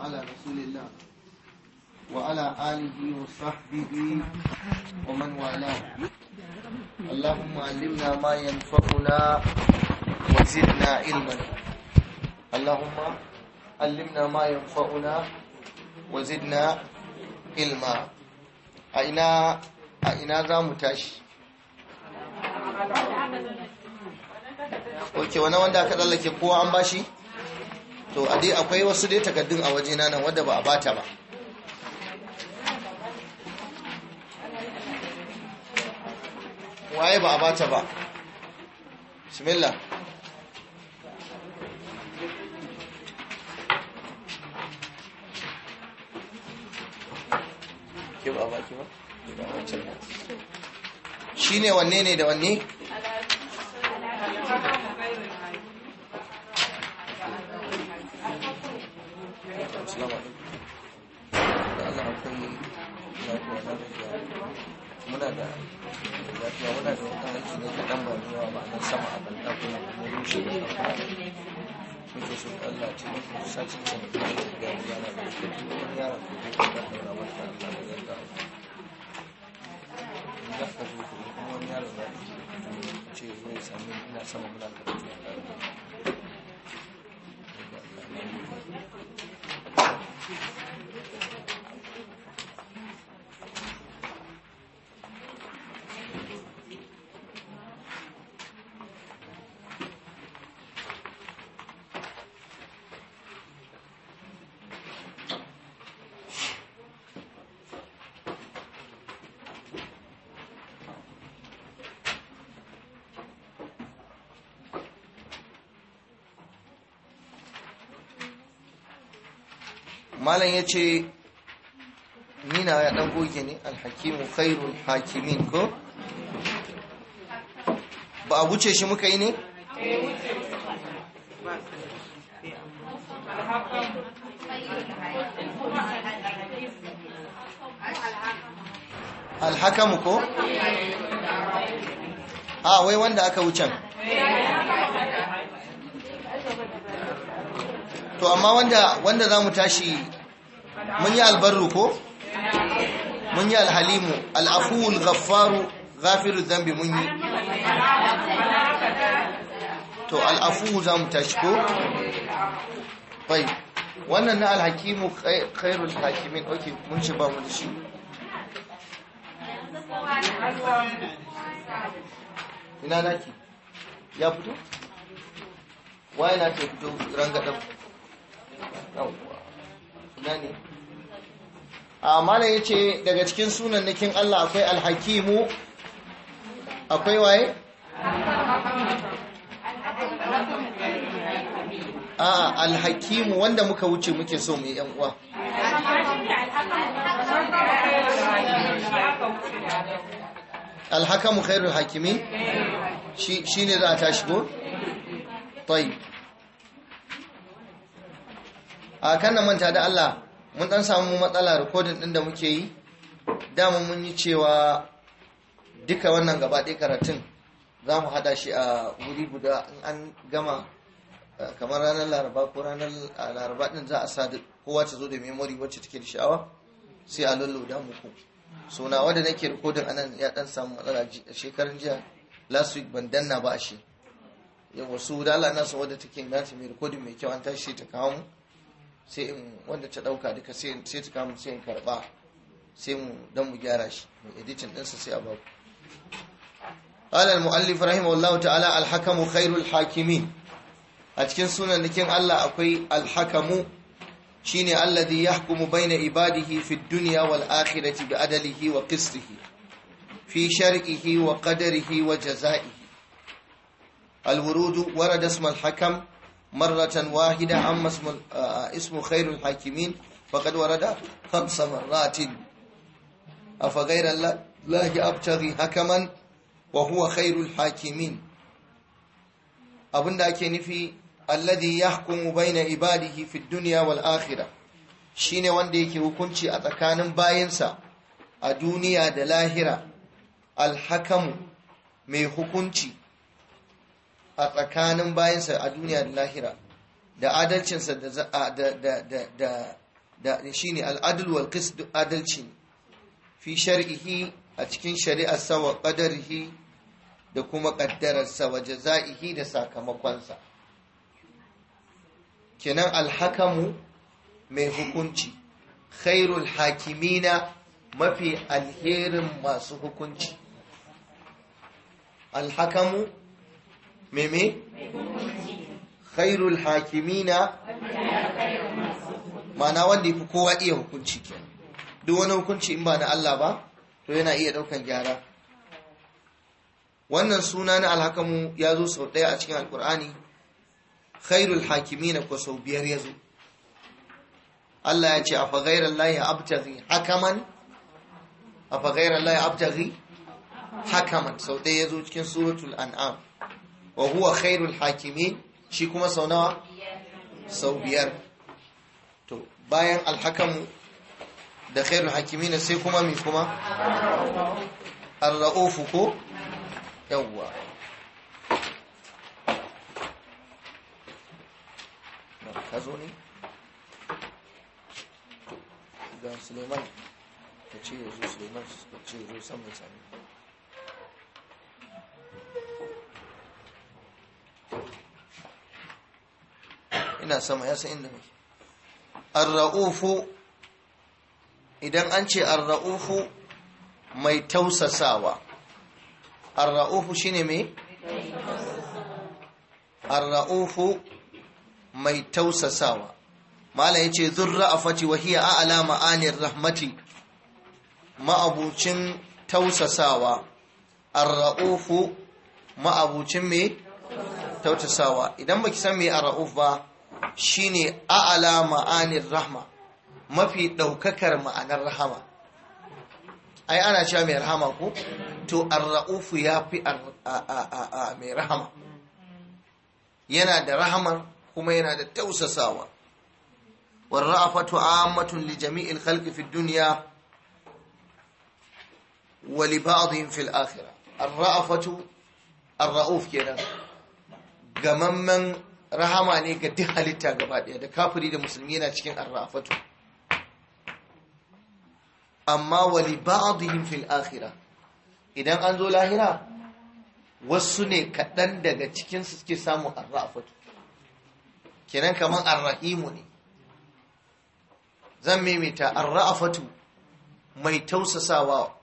على رسول الله وعلى آله وصحبه ومن والاه اللهم علمنا ما ينفعنا وزدنا علما اللهم علمنا ما ينفعنا وزدنا علما أين أين ذا متاشي ok wani wanda aka tsallake kowa an bashi to a dai akwai wasu dai takardun a waje nan wadda ba a bata ba waye ba a bata ba bismillah ke ba ba ke ba shi ne wanne ne da wanne sama a banda kuma kuma rushe da farfara muke so Allah ce muku sace ce da kuma ta gani yana da shi kuma yara ku ji ku da Allah wata Allah da zanga ku da ka zo kuma wani yaro da ce zai sami ina sama muna da malam ya ce nina ya ɗan goge ne alhakimu khairul hakimin ko ba a wuce shi muka yi ne alhakamu ko a wai wanda aka wucen to amma wanda wanda za mu tashi mun yi albarru ko mun yi alhalimu al'afuwul gafaru gafiru zambi mun yi to al'afu za mu tashi ko bai wannan na alhakimu khairul hakimin ok mun ce ba mu da shi ina naki ya fito waye na ta fito rangadar a ah, mana ya ce daga cikin sunan nikin Allah akwai alhakimu akwai waye? a alhakimu wanda muka wuce muke so mu yi uwa. alhakamu khairul Hakimi shi ne za a tashi ko? a kan na manta da Allah mun dan samu matsala rikodin din da muke yi dama mun yi cewa duka wannan gaba ɗaya karatun za mu hada shi a wuri guda in an gama eh, kamar ranar laraba ko ranar laraba din za a sa kowa ta zo da memori wacce take da sha'awa sai a da muku na wadda nake rikodin anan ya dan samu matsala shekarun jiya last week ban danna ba shi yawa su da Allah na wanda take nata mai rikodin mai kyau an tashi ta kawo mu sai in wanda ta dauka duka sai ta kama sai in karba sai mu dan mu gyara shi mu editin ɗinsa sai a baku قال mu'allif رحمه ta'ala تعالى الحكم خير الحاكمين a cikin sunan nikin Allah akwai alhakamu shine alladhi yahkumu baina ibadihi fi dunya wal akhirati bi adalihi wa qistihi fi shar'ihi wa qadarihi wa jazaihi الورود ورد اسم hakam. مرة واحدة عم اسم, اسم خير الحاكمين فقد ورد خمس مرات أفغير الله أبتغي حكما وهو خير الحاكمين أبن داكي نفي الذي يحكم بين عباده في الدنيا والآخرة shine wanda yake hukunci a tsakanin bayinsa a duniya da lahira alhakamu mai hukunci a tsakanin bayansa a duniya da lahira da adalcinsa da shi ne al’adulwar kisdu adalci fi shari'ihi a cikin shari'arsa wa ƙadarhi da kuma ƙaddararsa wa jaza'ihi da sakamakonsa kenan alhakamu mai hukunci khairul hakimina mafi alherin masu hukunci alhakamu meme khairul hakimina mana wanda ya fi kowa iya hukunci duk wani hukunci in ba na Allah ba to yana iya daukan gyara wannan suna na alhakamu ya zo sau ɗaya a cikin alkur'ani khairul hakimina ko sau biyar ya zo Allah ya ce a fagairar layi abtaghi hakaman a fagairar layi abtaghi hakaman sau ɗaya ya zo cikin suratul an'am wa huwa khairul hakimin shi kuma sau nawa sau biyar to bayan alhakamu da khairul hakimin sai kuma mi kuma ar ko yawwa ka zo ne ga suleiman ka ce ya zo suleiman ka ce ya zo sami na sama ya san inda ar-ra'ufu idan an ce ar-ra'ufu mai tausasawa ar-ra'ufu shine me ar-ra'ufu mai tausasawa malai yace zurra'afati wa hiya a'la ma'anir rahmati ma'abucin tausasawa ar-ra'ufu ma'abucin me tausasawa idan baki san me ar ba shine a'ala ma'anin rahma mafi ɗaukakar ma'anar rahama ai ana cewa mai rahama ko to arra'ufu ya fi mai rahama yana da rahamar kuma yana da tausasawa warra'afatu ammatun li jami'il khalqi fi dunya wa li ba'dihim fil akhirah arra'afatu arra'uf kenan gamamman rahama ne ga duk halitta gaba ɗaya da kafiri da musulmi yana cikin arrafatu amma wali ba'dihim fil akhira idan an zo lahira wasu ne kaɗan daga cikin su suke samu arrafatu kenan kamar arrahimu ne zan maimaita arrafatu mai tausasawa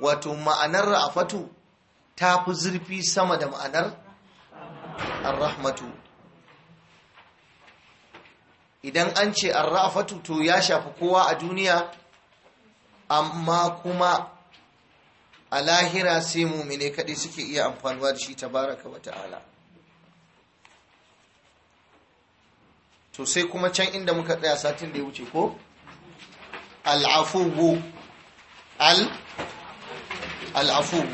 wato ma'anar ra'afatu ta fi zurfi sama da ma'anar arrahmatu idan an ce ra'afa to ya shafi kowa a duniya amma kuma a lahira sai mumine kaɗai suke iya amfanuwa da shi tabaraka wa ta'ala to sai kuma can inda muka tsaya satin da ya wuce ko al'afugu al ya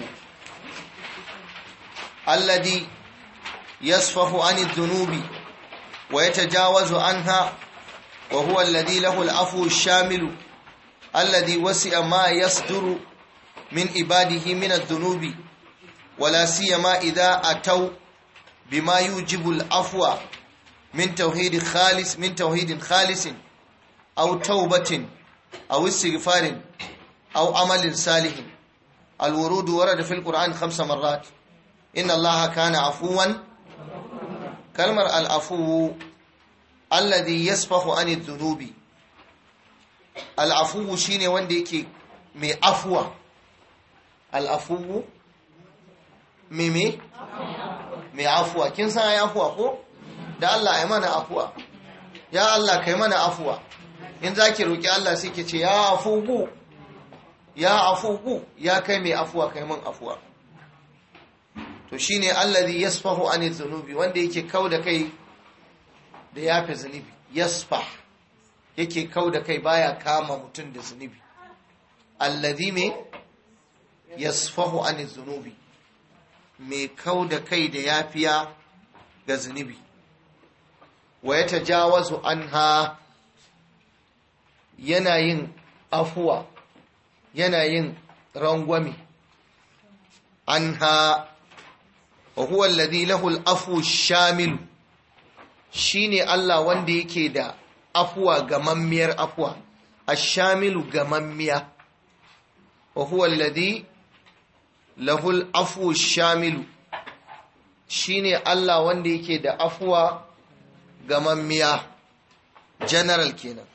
alladi yasfahu ani dunubi ويتجاوز عنها وهو الذي له العفو الشامل الذي وسع ما يصدر من عباده من الذنوب ولا سيما إذا أتوا بما يوجب العفو من توحيد خالص من توحيد خالص أو توبة أو استغفار أو عمل صالح الورود ورد في القرآن خمس مرات إن الله كان عفوا كلمة العفو alladhi yasfahu ani dhunubi al'afuwu shine wanda yake mai afuwa al'afuwu meme mai afuwa kin san ai afuwa ko da Allah ai mana afuwa ya Allah kai mana afuwa in zaki roki Allah sai ki ce ya afuwu ya afuwu ya kai mai afuwa kai min afuwa to shine alladhi yasfahu ani dhunubi wanda yake kauda kai da fi zunubi yasfa yake kau da kai baya kama mutum da zunubi Alladhi me yasfahu an zunubi mai kau da kai da yafiya ga zunubi wa ya tajawazu anha yana yin afuwa yana yin rangwami. anha wa huwa alladhi lahu afu shamilu Shi ne Allah wanda yake da afuwa gamammiyar afuwa ashamilu gamammiya wa huwa ladi lahul afu shamilu ne Allah wanda yake da afuwa gamammiya general kenan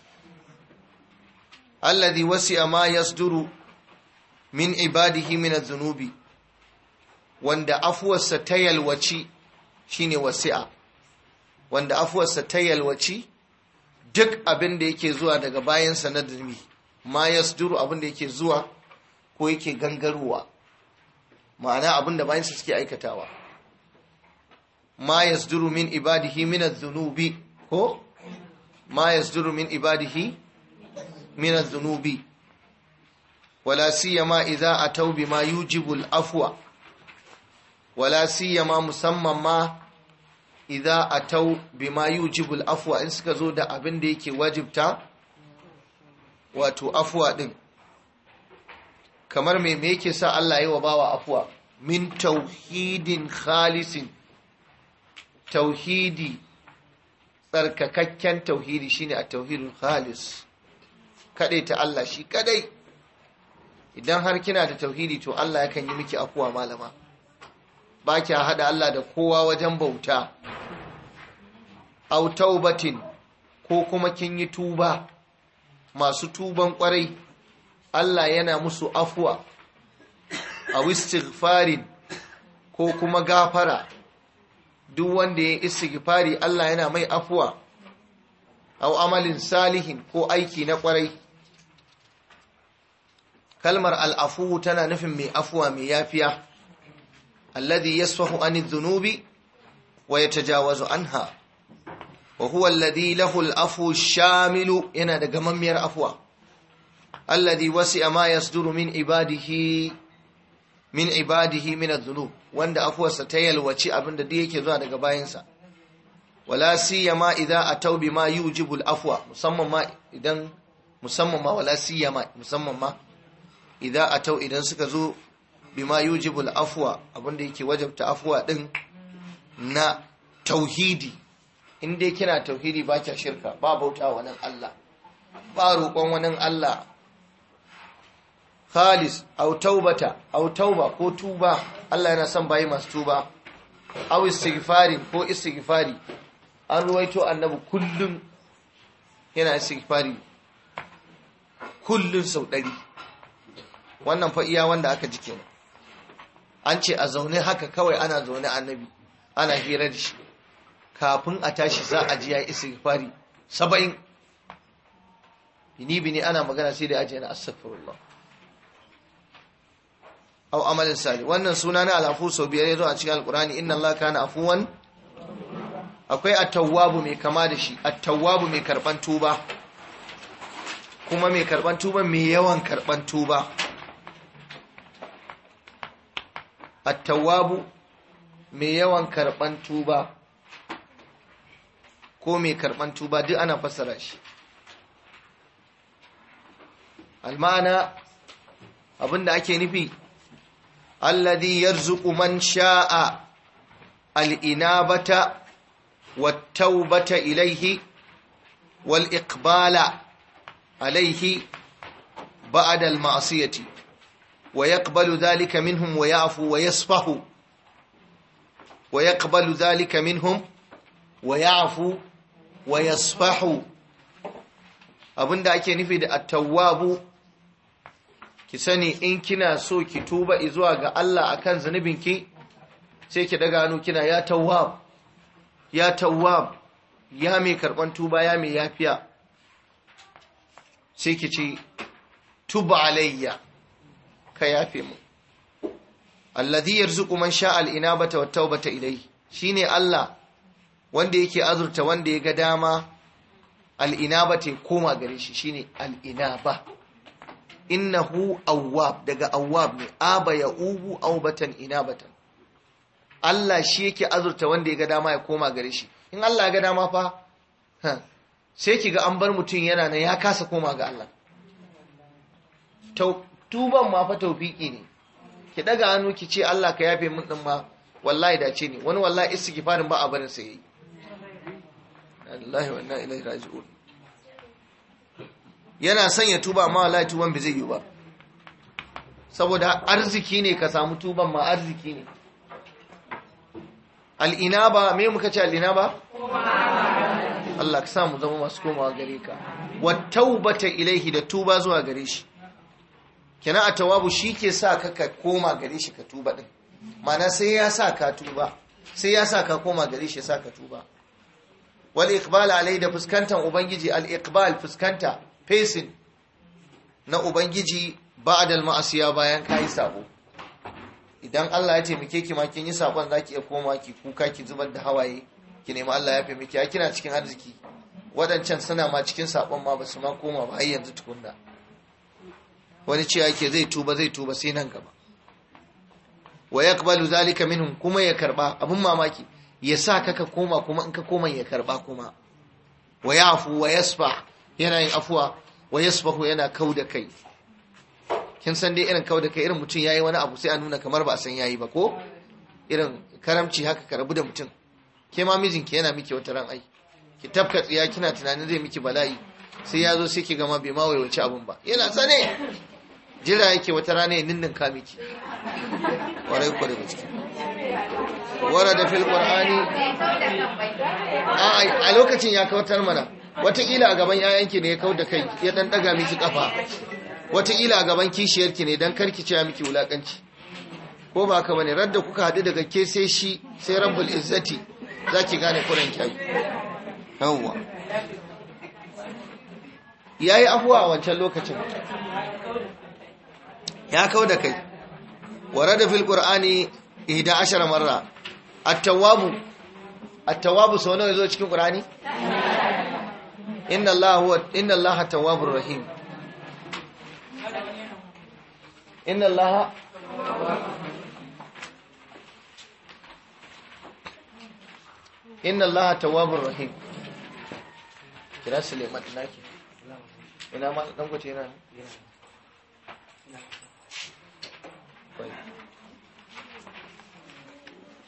alladhi wasi'a ma yasduru min ibadihi min zunubi wanda afuwarsa ta yalwaci shine wasi'a wanda afuwarsa ta yalwaci duk abin da yake zuwa daga bayansa na dumi ma ya duru abin da yake zuwa ko yake gangarwa ma'ana abin da bayansa suke aikatawa ma ya duru min ibadihi min zunubi ko ma ya duru min ibadihi min adh-dhunubi wala siyama idza a taubi ma al afuwa? wala siyama musamman ma idza atau bima yujibul afwa in suka zo da abin da yake wajibta wato afwa din kamar me me yake sa Allah yi wa bawa afwa min tauhidin khalisin tauhidi tsarkakakken tauhidi shine a tauhidul khalis kadai ta Allah shi kadai idan har kina da tauhidi to Allah yakan yi miki afuwa malama ba kya haɗa Allah da kowa wajen bauta au taubatin ko kuma kin yi tuba masu tuban kwarai Allah yana musu afuwa a istighfarin ko kuma gafara duk wanda ya istighfari Allah yana mai afuwa au amalin salihin ko aiki na kwarai kalmar al'afu tana nufin mai afuwa mai yafiya alladhi yasfahu an adh-dhunubi wa yatajawazu anha wa huwa alladhi lahu al-afwu shamilu yana da gamammiyar afwa alladhi wasi'a ma yasduru min ibadihi min ibadihi min adh-dhunub wanda afuwarsa ta yalwaci abinda duk yake zuwa daga bayansa wala siyama idza ataw bima yujibu ma idan musamman ma musamman ma idan suka zo bima yujibul afwa abinda yake wajabta afwa din na tauhidi in kina tauhidi ba kya shirka ba bauta wa wani Allah ba roƙon wani Allah khalis au taubata au tauba ko tuba Allah yana son bayi masu tuba au istighfari ko istighfari an ruwaito annabi kullum yana istighfari kullum sau ɗari wannan fa iya wanda aka jike kenan an ce a zaune haka kawai ana zaune annabi ana hira da shi kafin a tashi za a ji ya yi fari saba'in bini bini ana magana sai da ajiyar asafirullah au amalin sali wannan suna na alafu sau biyar ya zo a cikin alkurani inna Allah afu afuwan akwai attawwabu mai kama da shi attawwabu mai karban tuba kuma mai karban tuba mai yawan karban tuba attawabu mai yawan karban tuba ko mai karban tuba duk ana fassara shi almana abinda ake nufi alladhi yarzuqu man sha'a al-inabata wat-taubata ilayhi wal-iqbala alayhi ba'da al-ma'siyati wa yaqbalu min minhum wa afu wa yasfahu wa yaqbalu dhalika minhum wa ya'fu wa abinda ake nufi da at-tawwabu ki sani in kina so ki tuba zuwa ga Allah akan zanubinki sai ki daga hannu kina ya tawwab ya tawwab ya mai karban tuba ya mai yafiya sai ki ci tuba alayya ka yafe mu alladhi yarzuqu man sha'a al-inabata wat tawbata ilayhi shine Allah wanda yake azurta wanda ya ga dama al-inabata koma gare shi shine al-inaba innahu awwab daga awwab ne aba yaubu aubatan inabatan Allah shi yake azurta wanda ya ga dama ya koma gare shi in Allah ya ga dama fa sai ki ga an bar mutum yana na ya kasa koma ga Allah tuban ma fa taufiki ne ki daga hannu ki ce Allah ka yafe min din ma wallahi dace ne wani wallahi istighfarin ba a barin sa yayi wa inna ilaihi raji'un yana son ya tuba amma wallahi tuban bai zai yi ba saboda arziki ne ka samu tuban ma arziki ne al'inaba me muka ce al'inaba? Allah ka samu zama masu komawa gare ka wa taubata ilaihi da tuba zuwa gare shi Kina a tawabu shi ke sa ka ka koma gare shi ka tuba din mana sai ya sa ka tuba sai ya sa ka koma gare shi sa ka tuba wal iqbal alai da fuskantar ubangiji al iqbal fuskanta facing na ubangiji ba'dal ma'asiya bayan kai sabo idan Allah ya taimake ki ma kin yi sakon zaki iya koma ki kuka ki zubar da hawaye ki nema Allah ya taimake ki kina cikin arziki waɗancan suna ma cikin sakon ma basu ma koma ba har yanzu tukunna wani cewa yake zai tuba zai tuba sai nan gaba wa yaqbalu zalika minhum kuma ya karba abun mamaki ya sa ka ka koma kuma in ka koma ya karba kuma wa afu wa yasfa yana yin afuwa wa yasfahu yana kauda kai kin san dai irin kauda kai irin mutum yayi wani abu sai a nuna kamar ba a san yayi ba ko irin karamci haka ka rabu da mutum ke ma mijinki yana miki wata ran ai ki tafka tsiya kina tunanin zai miki bala'i sai ya zo sai ki gama bai ma waiwaci abun ba yana tsane jira yake wata rana ya ninnin miki warai ƙwarai da ciki wara da fil ƙwar'ani a lokacin ya kawatar mana wataƙila a gaban yayanki ne ya kawar da kai ya ɗan ɗaga miki ƙafa wataƙila a gaban kishiyarki ne don karki ce miki wulaƙanci ko ba ka bane radda kuka haɗu daga ke sai shi sai rabbul izzati za ki gane kuran kyau. yawwa ya yi afuwa a wancan lokacin ya kau da kai warada fil qur'ani 11 marra at-tawwabu at-tawwabu sau nawa yazo cikin qur'ani inna allaha huwa inna allaha tawwabur rahim inna allaha inna allaha tawwabur rahim kira suleiman naki ina ma dan kwace yana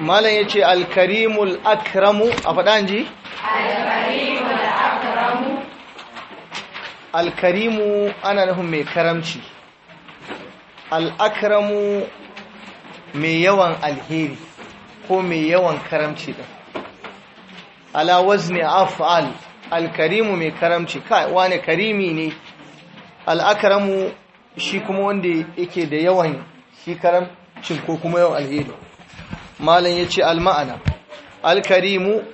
malam ya ce alkarimul akramu a faɗan ji? alkarimul akramu alkarimu ana nufin mai karamci al'akramu mai yawan alheri ko mai yawan karamci ɗin af'al alkarimu mai karamci kai wane karimi ne al'akramu shi kuma wanda yake da yawan shi karamcin ko kuma yawan alheri malam ya ce alma'ana alkarimu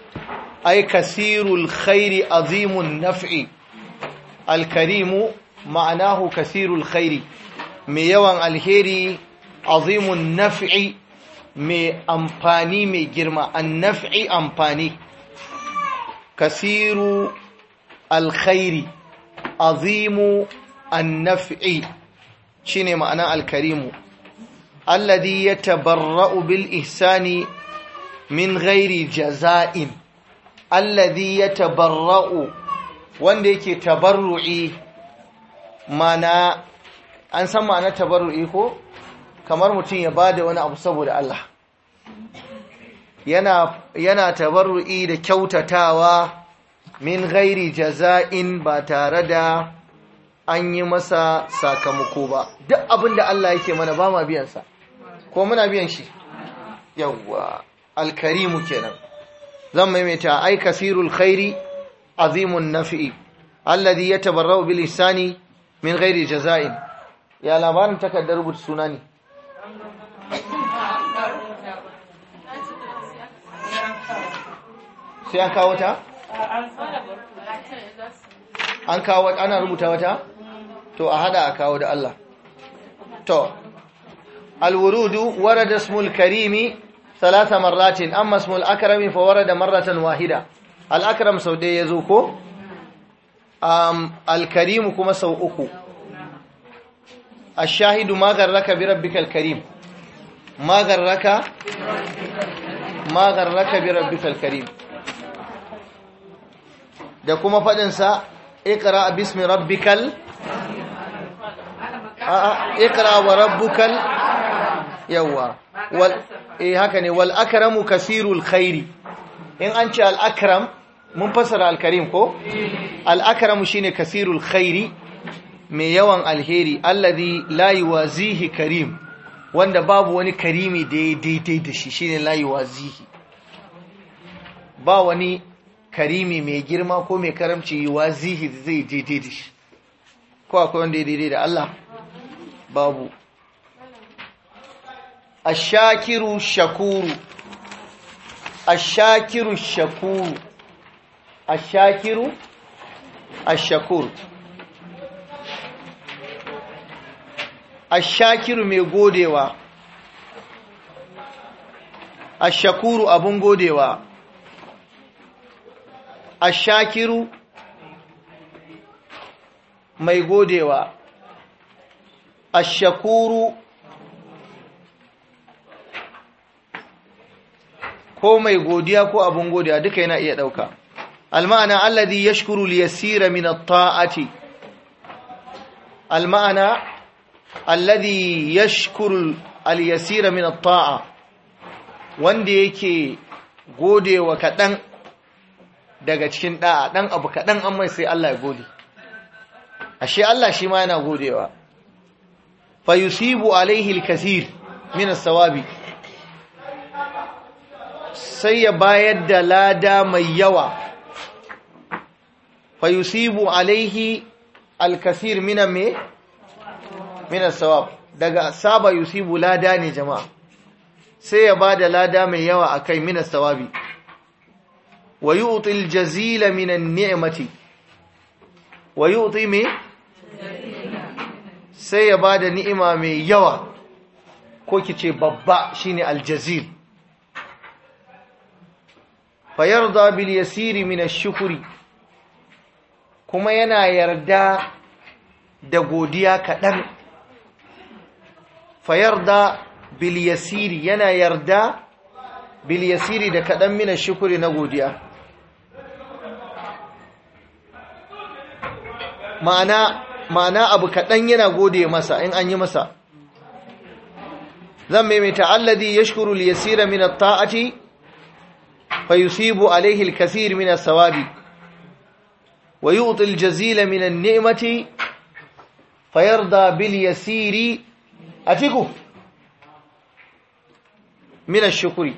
ai kasirul khairi azimun naf'i alkarimu ma'anahu kasirul khairi mai yawan alheri azimun naf'i mai amfani mai girma an naf'i amfani kasiru alkhairi azimu an naf'i shine ma'ana alkarimu alladhi tabarra'u bil ihsani min ghairi jaza'in alladhi tabarra'u. wanda yake tabarru'i mana an san ma'ana tabarru'i ko kamar mutum ya bada wani abu saboda Allah yana yana tabarru'i da kyautatawa min ghairi jaza'in ba tare da an yi masa sakamako ba duk abin da Allah yake mana ba ma biyansa ko muna biyan shi yawwa alkarimu kenan zan maimaita ai kasirul khairi azimun nafi'i alladhi yatabarra'u bil ihsani min ghairi jaza'in ya labarin takardar rubuta suna ne sai an kawo ta an kawo ana rubuta wata to a hada a kawo da Allah to alwurudu warada ismul karimi thalatha marratin amma ismul akrami fa warada marratan wahida al akram sau da yazo ko um al karim kuma sau uku ashahidu ma garraka bi rabbikal karim ma garraka ma garraka bi rabbikal karim da kuma faɗinsa اقرأ باسم ربك ال... اقرأ وربك ال... يوا وال... إيه هكذا والأكرم كثير الخير إن أنت الأكرم منفصل الكريم كو الأكرم شين كثير الخير من يوان الهيري الذي لا يوازيه كريم wanda babu wani karimi da ya daidai da shi shine la yuwazihi ba wani karimi mai girma ko mai karamci zihi zai daidai da shi ko akwai wanda ya daidai da Allah babu ashakiru shakuru ashakiru shakuru ashakiru ashakuru ashakiru mai godewa ashakuru abun godewa ashakiru mai godewa ashakuru ko mai godiya ko abun godiya duka yana iya dauka alma'ana alladhi yashkuru liyasira min at-ta'ati alma'ana alladhi yashkuru al-yasira min at-ta'a wanda yake godewa kadan daga cikin ɗa'a ɗan abu kaɗan an mai sai Allah ya gode ashe Allah shi ma yana godewa fa yusibu alaihi alkathir min as-sawabi sai ya bayar da lada mai yawa fa yusibu alaihi alkathir min me min as-sawab daga saba yusibu lada ne jama'a sai ya bada lada mai yawa akai min as-sawabi wa yu'ti al-jazila min an-ni'mati wa yu'ti me sai ya bada ni'ima mai yawa ko kice babba shine al-jazil fa yarda bil yasiri min kuma yana yarda da godiya kaɗan fayarda bilyasiri yana yarda bilyasiri da kaɗan mina shukuri na godiya ma'ana ma'ana abu kaɗan yana gode masa in an yi masa zan maimaita alladhi yashkuru liyasira min at-ta'ati fa yusibu alayhi al-kaseer min as-sawabi wa yu'ti al-jazila min an-ni'mati fa yarda bil yasiri atiku min ash-shukri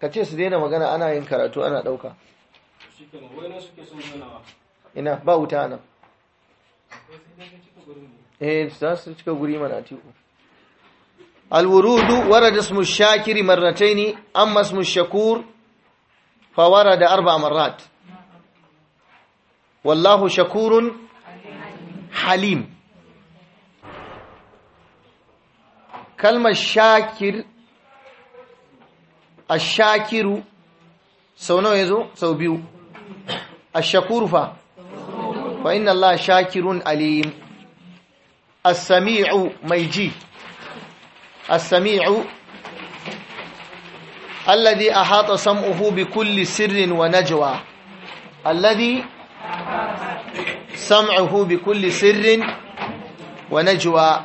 kace su daina magana ana yin karatu ana dauka ina ba wuta nan eh za su cika guri mana tiku alwurudu warada ismu shakiri marrataini amma ismu shakur fa warada arba marrat wallahu shakurun halim kalmar shakir ashakiru sau nawa yazo sau biyu ashakuru fa فإن الله شاكر أليم السميع ميجي السميع الذي أحاط سمعه بكل سر ونجوى الذي سمعه بكل سر ونجوى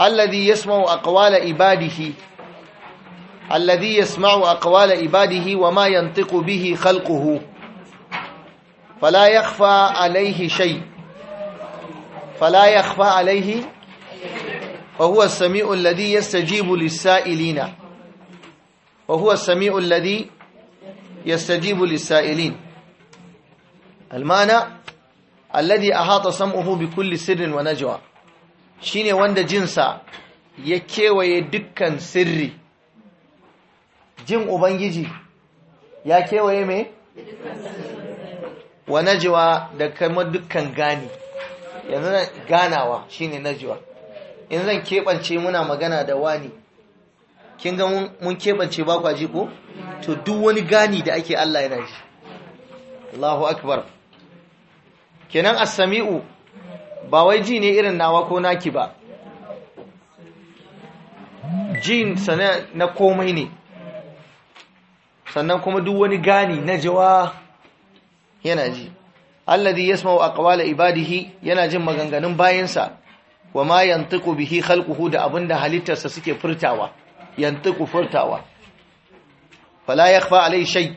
الذي يسمع أقوال عباده الذي يسمع أقوال عباده وما ينطق به خلقه فلا يخفى عليه شيء فلا يخفى عليه فهو السميع الذي يستجيب للسائلين وهو السميع الذي يستجيب للسائلين المعنى الذي أحاط سمعه بكل سر ونجوى شيني wanda جنسا يكي ويدكا سري جن أبنجي يكي ويمي wa najwa da kamar dukkan gani yanzu ganawa shine najwa in zan keɓance muna magana da wani kin ga mun keɓance ba kwa ko to duk wani gani da ake Allah yana shi Allahu akbar kenan as-sami'u ba wai ji ne irin nawa ko naki ba jin sana na komai ne sannan kuma duk wani gani na jawa yana ji alladhi yasma'u aqwala ibadihi yana jin maganganun bayansa wa ma yantiqu bihi khalquhu da abinda halittarsa suke furtawa yantiqu furtawa fala yakhfa alai shay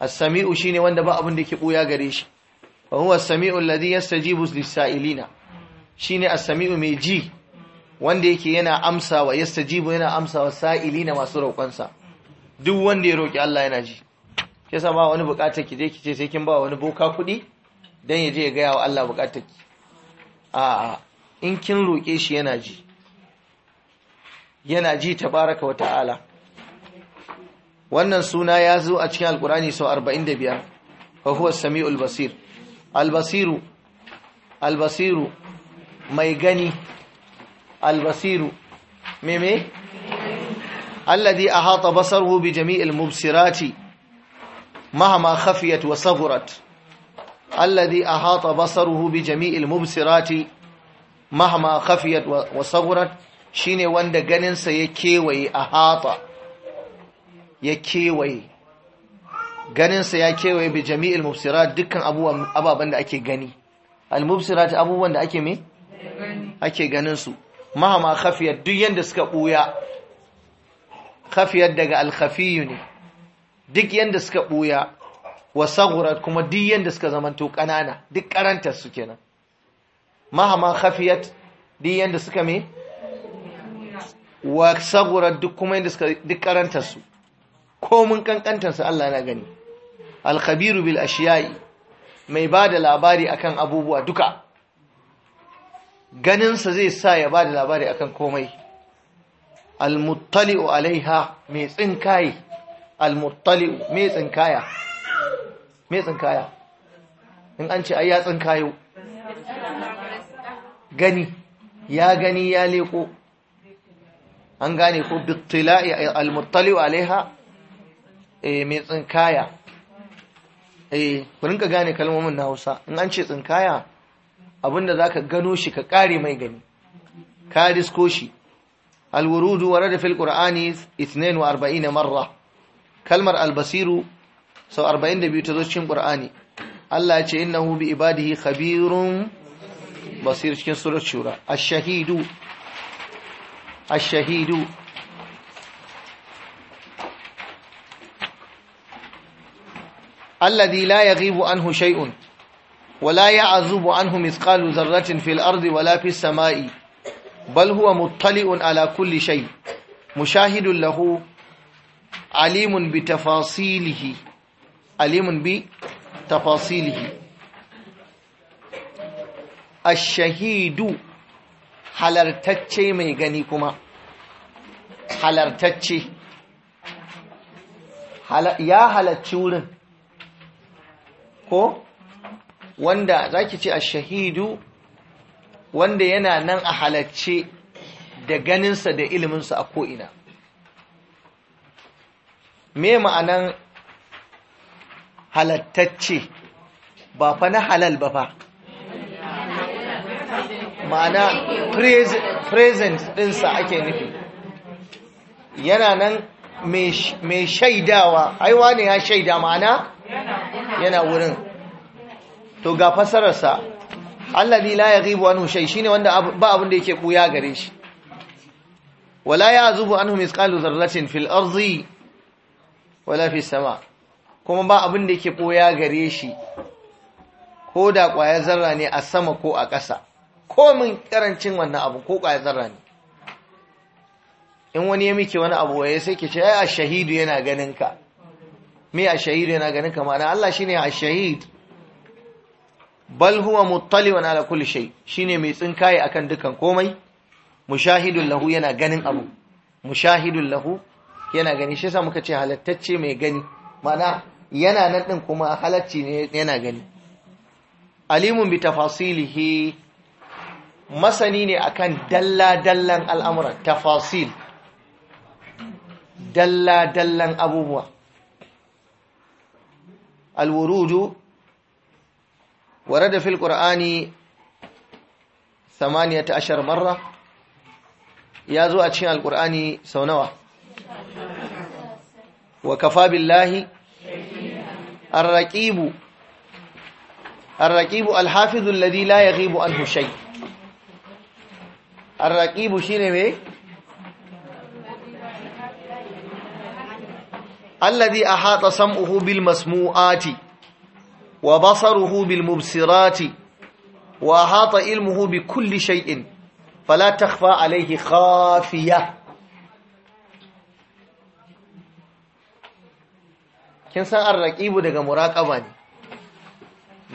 as-sami'u shine wanda ba abin yake boya gare shi wa huwa as-sami'u alladhi yastajibu lis-sa'ilina shine as-sami'u mai ji wanda yake yana amsawa yastajibu yana amsawa sa'ilina masu roƙonsa duk wanda ya roki Allah yana ji ke sama wani bukatar ki je ki ce sai kin ba wani boka kuɗi dan ya je ya gaya wa Allah bukatar ki a'a in kin roƙe shi yana ji yana ji tabaraka wa ta'ala wannan suna ya zo a cikin alkurani sau 45 wa huwa sami'ul basir albasiru albasiru mai gani albasiru meme alladhi ahata basaruhu bi jami'il mubsirati مهما خفيت وصغرت الذي أحاط بصره بجميع المبصرات مهما خفيت وصغرت shine wanda ganinsa ya kewaye a hata ya kewaye ganinsa ya kewaye bi jami'il mubsirat dukkan ababen da ake gani al abubuwan da ake me ake ganin su mahama khafiyat duk yanda suka buya khafiyat daga alkafiyu ne duk yadda suka ɓuya wa kuma duk yadda suka zamanto ƙanana duk karantar su kenan mahama hafiyat duk yadda suka me wa duk kuma yadda suka duk karantar su komin kankantar su Allah na gani alkhabiru bil ashiyai mai bada labari akan abubuwa duka ganinsa zai sa ya bada labari akan komai al muttali'u alaiha mai tsinkaye al-muttali me tsinkaya me tsinkaya in an ce ai ya tsinkayo gani ya gani ya leko an gane ko bittila'i al-muttali alaiha eh me tsinkaya eh ku rinka gane kalmomin na Hausa in an ce tsinkaya abinda zaka gano shi ka kare mai gani ka risko shi al-wurudu warada fil qur'ani 42 marra kalmar albasiru sau 42 ta zo cikin ƙur'ani Allah ce inna hu bi ibadihi khabirun basir cikin surar shura ashahidu ashahidu alladhi la yaghibu anhu shay'un wa la ya'zubu anhu mithqalu dharratin fil arzi wa la fis samai bal huwa muttali'un ala kulli shay' mushahidun lahu alimun bi tafasilihi alimun bi tafasilihi ash-shahidu halartacce mai gani kuma halartacce ya halarci wurin ko wanda zaki ce ash-shahidu wanda yana nan a halarci da ganinsa da iliminsa a ko'ina me ma'anan halattacce ba fa na halal ba fa ma'ana present ɗinsa ake nufi yana nan mai shaidawa aiwa ne ya shaida ma'ana yana wurin to ga fasararsa allazi la yaghibu anhu shay shine wanda ba abin da yake buya gare shi wala ya'zubu anhu misqalu dharratin fil arzi. wala fi sama kuma ba abin da yake koya gare shi ko da ƙwayar zarra ne a sama ko a ƙasa ko min ƙarancin wannan abu ko ƙwayar zarra ne in wani ya miki wani abu ya sai ke ce ai ashahidu yana ganin ka me ashahidu yana ganin ka ma'ana Allah shine ashahid bal huwa muttaliwan ala kulli shay shine mai tsinkaye akan dukan komai mushahidul lahu yana ganin abu mushahidul lahu yana gani shi yasa muka ce halattacce mai gani mana yana nan din kuma halacci ne yana gani alimun bi tafasilihi masani ne akan dalla-dallan al'amura tafasil dalla-dallan abubuwa alwurudu ورد في marra ya zo a cikin أتشين sau nawa. wa kafa billahi arraqibu arraqibu alhafizu alladhi la yaghibu anhu shay arraqibu shine me alladhi ahata sam'uhu bil masmu'ati wa basaruhu bil mubsirati wa ahata ilmuhu bi kulli shay'in fala takhfa alayhi khafiyah kin san arraqibu daga muraqaba ne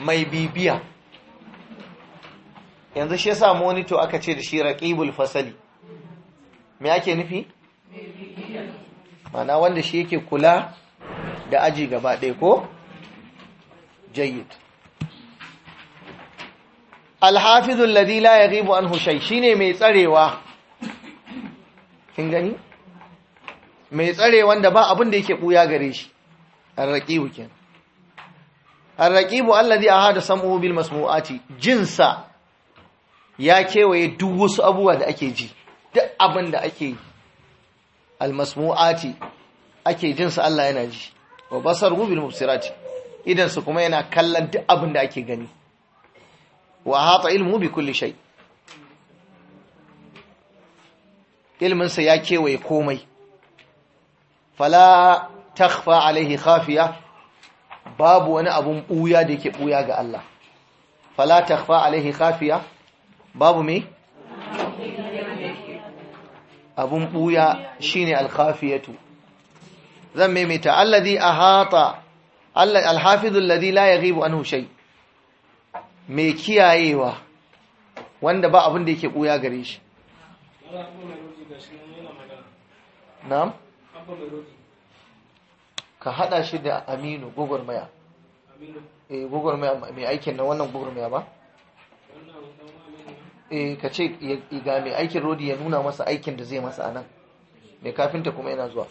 mai bibiya yanzu shi yasa monito aka ce da shi raqibul fasali me ake nufi mana wanda shi yake kula da aji gaba ɗaya ko jayyid alhafizul ladhi la yaghibu anhu shay shine mai tsarewa kin gani mai tsare wanda ba abin da yake buya gare shi arraqibu ken arraqibu allazi ahada sam'u bil masmu'ati jinsa ya kewaye duk wasu abubuwa da ake ji duk abin da ake almasmu'ati al masmu'ati ake jinsa Allah yana ji wa basar bil mubsirati idan su kuma yana kallon duk abin da ake gani wa hata ilmu bi kulli shay ilminsa ya kewaye komai fala Takfa alaihi khafiya babu wani abun buya da yake buya ga Allah fala takfa alaihi khafiya babu me abun buya shine al-khafiyatu zan maimaita alladhi ahata al-hafiz alladhi la yaghibu anhu shay me kiyayewa wanda ba abun da yake buya gare shi na'am ka hada shi da aminu gugurmaya eh gugurmaya mai aikin na wannan gugurmaya ba eh ka ce ga mai aikin rodi ya nuna masa aikin da zai masa anan mai kafinta kuma yana zuwa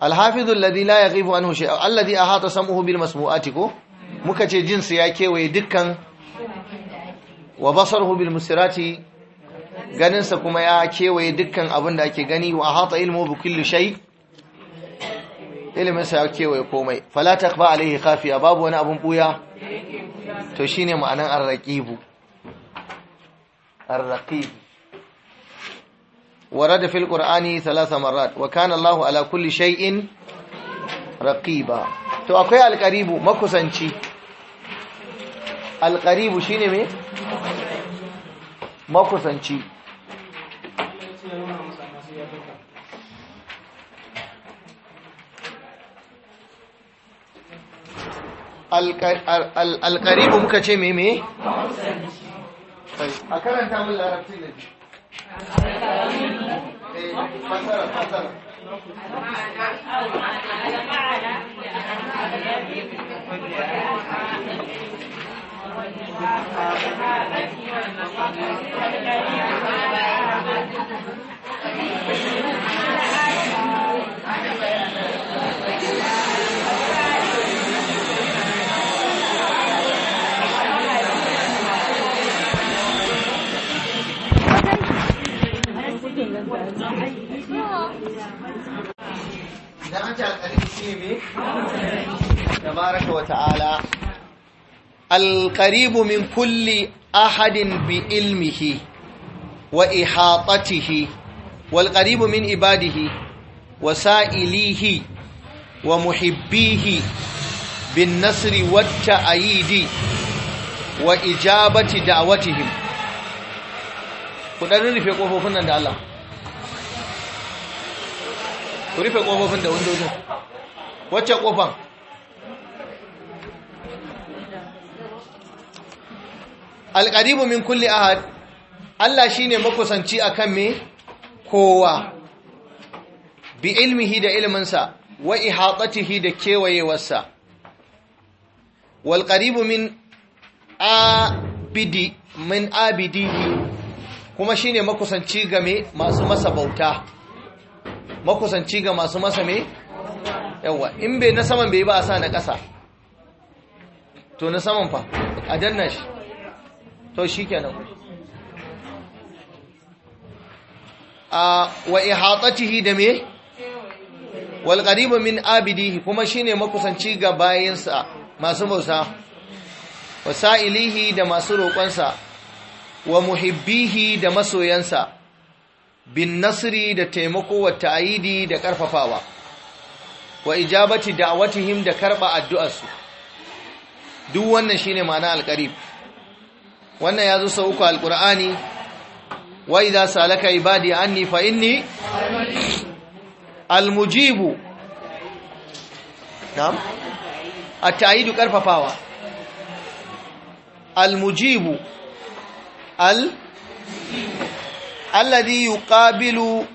alhafizu alladhi la yaghibu anhu shay alladhi ahata sam'uhu bil masmu'ati ko muka ce jinsu ya kewaye dukkan wa basaruhu bil musirati ganinsa kuma ya kewaye dukkan abin da ake gani wa hata ilmu bi kulli shay ilimin sa ya kewaye komai fala takba alaihi khafiya babu wani abun buya to shine ma'anan ar-raqibu ar-raqib ورد في القرآن ثلاث مرات وكان الله على كل شيء رقيبا to akwai alqaribu makusanci alqaribu shine me makusanci alƙaribu muka ce meme? a karanta mun larabci ne fasara fasara Thank you. alƙaribu min kulli ahadin bi ilmihi wa ihatatihi walƙaribu min ibadihi wa sa'ilihi wa muhibbihi bin nasri wata ayidi wa ijabati ku ɗan rufe ƙofofin nan da Allah ku rufe ƙofofin da wacce ƙofan Alƙaribu min kulli ahad Allah shi ne makusanci akan me kowa bi ilmihi da ilminsa wa ihatatihi da kewayewarsa Walƙaribu min abidi min abidihi kuma shi ne makusanci ga me masu masa bauta makusanci ga masu masa me yawa in bai na saman bai ba a sa na ƙasa to na saman fa a danna shi to shikenan a wa ihatatihi da me wal qaribu min abidihi kuma shine makusanci ga bayinsa masu musa wasa'ilihi da masu roƙonsa wa muhibbihi da masoyansa bin nasri da taimako wa ta'idi da ƙarfafawa wa ijabati da'watihim da karɓa addu'arsu duk wannan shine ma'ana alƙarib wannan ya zo sau uku alkur'ani za su salaka ibadi anni fa inni almujibu na'am at-ta'idu karfafawa almujibu al alladhi yuqabilu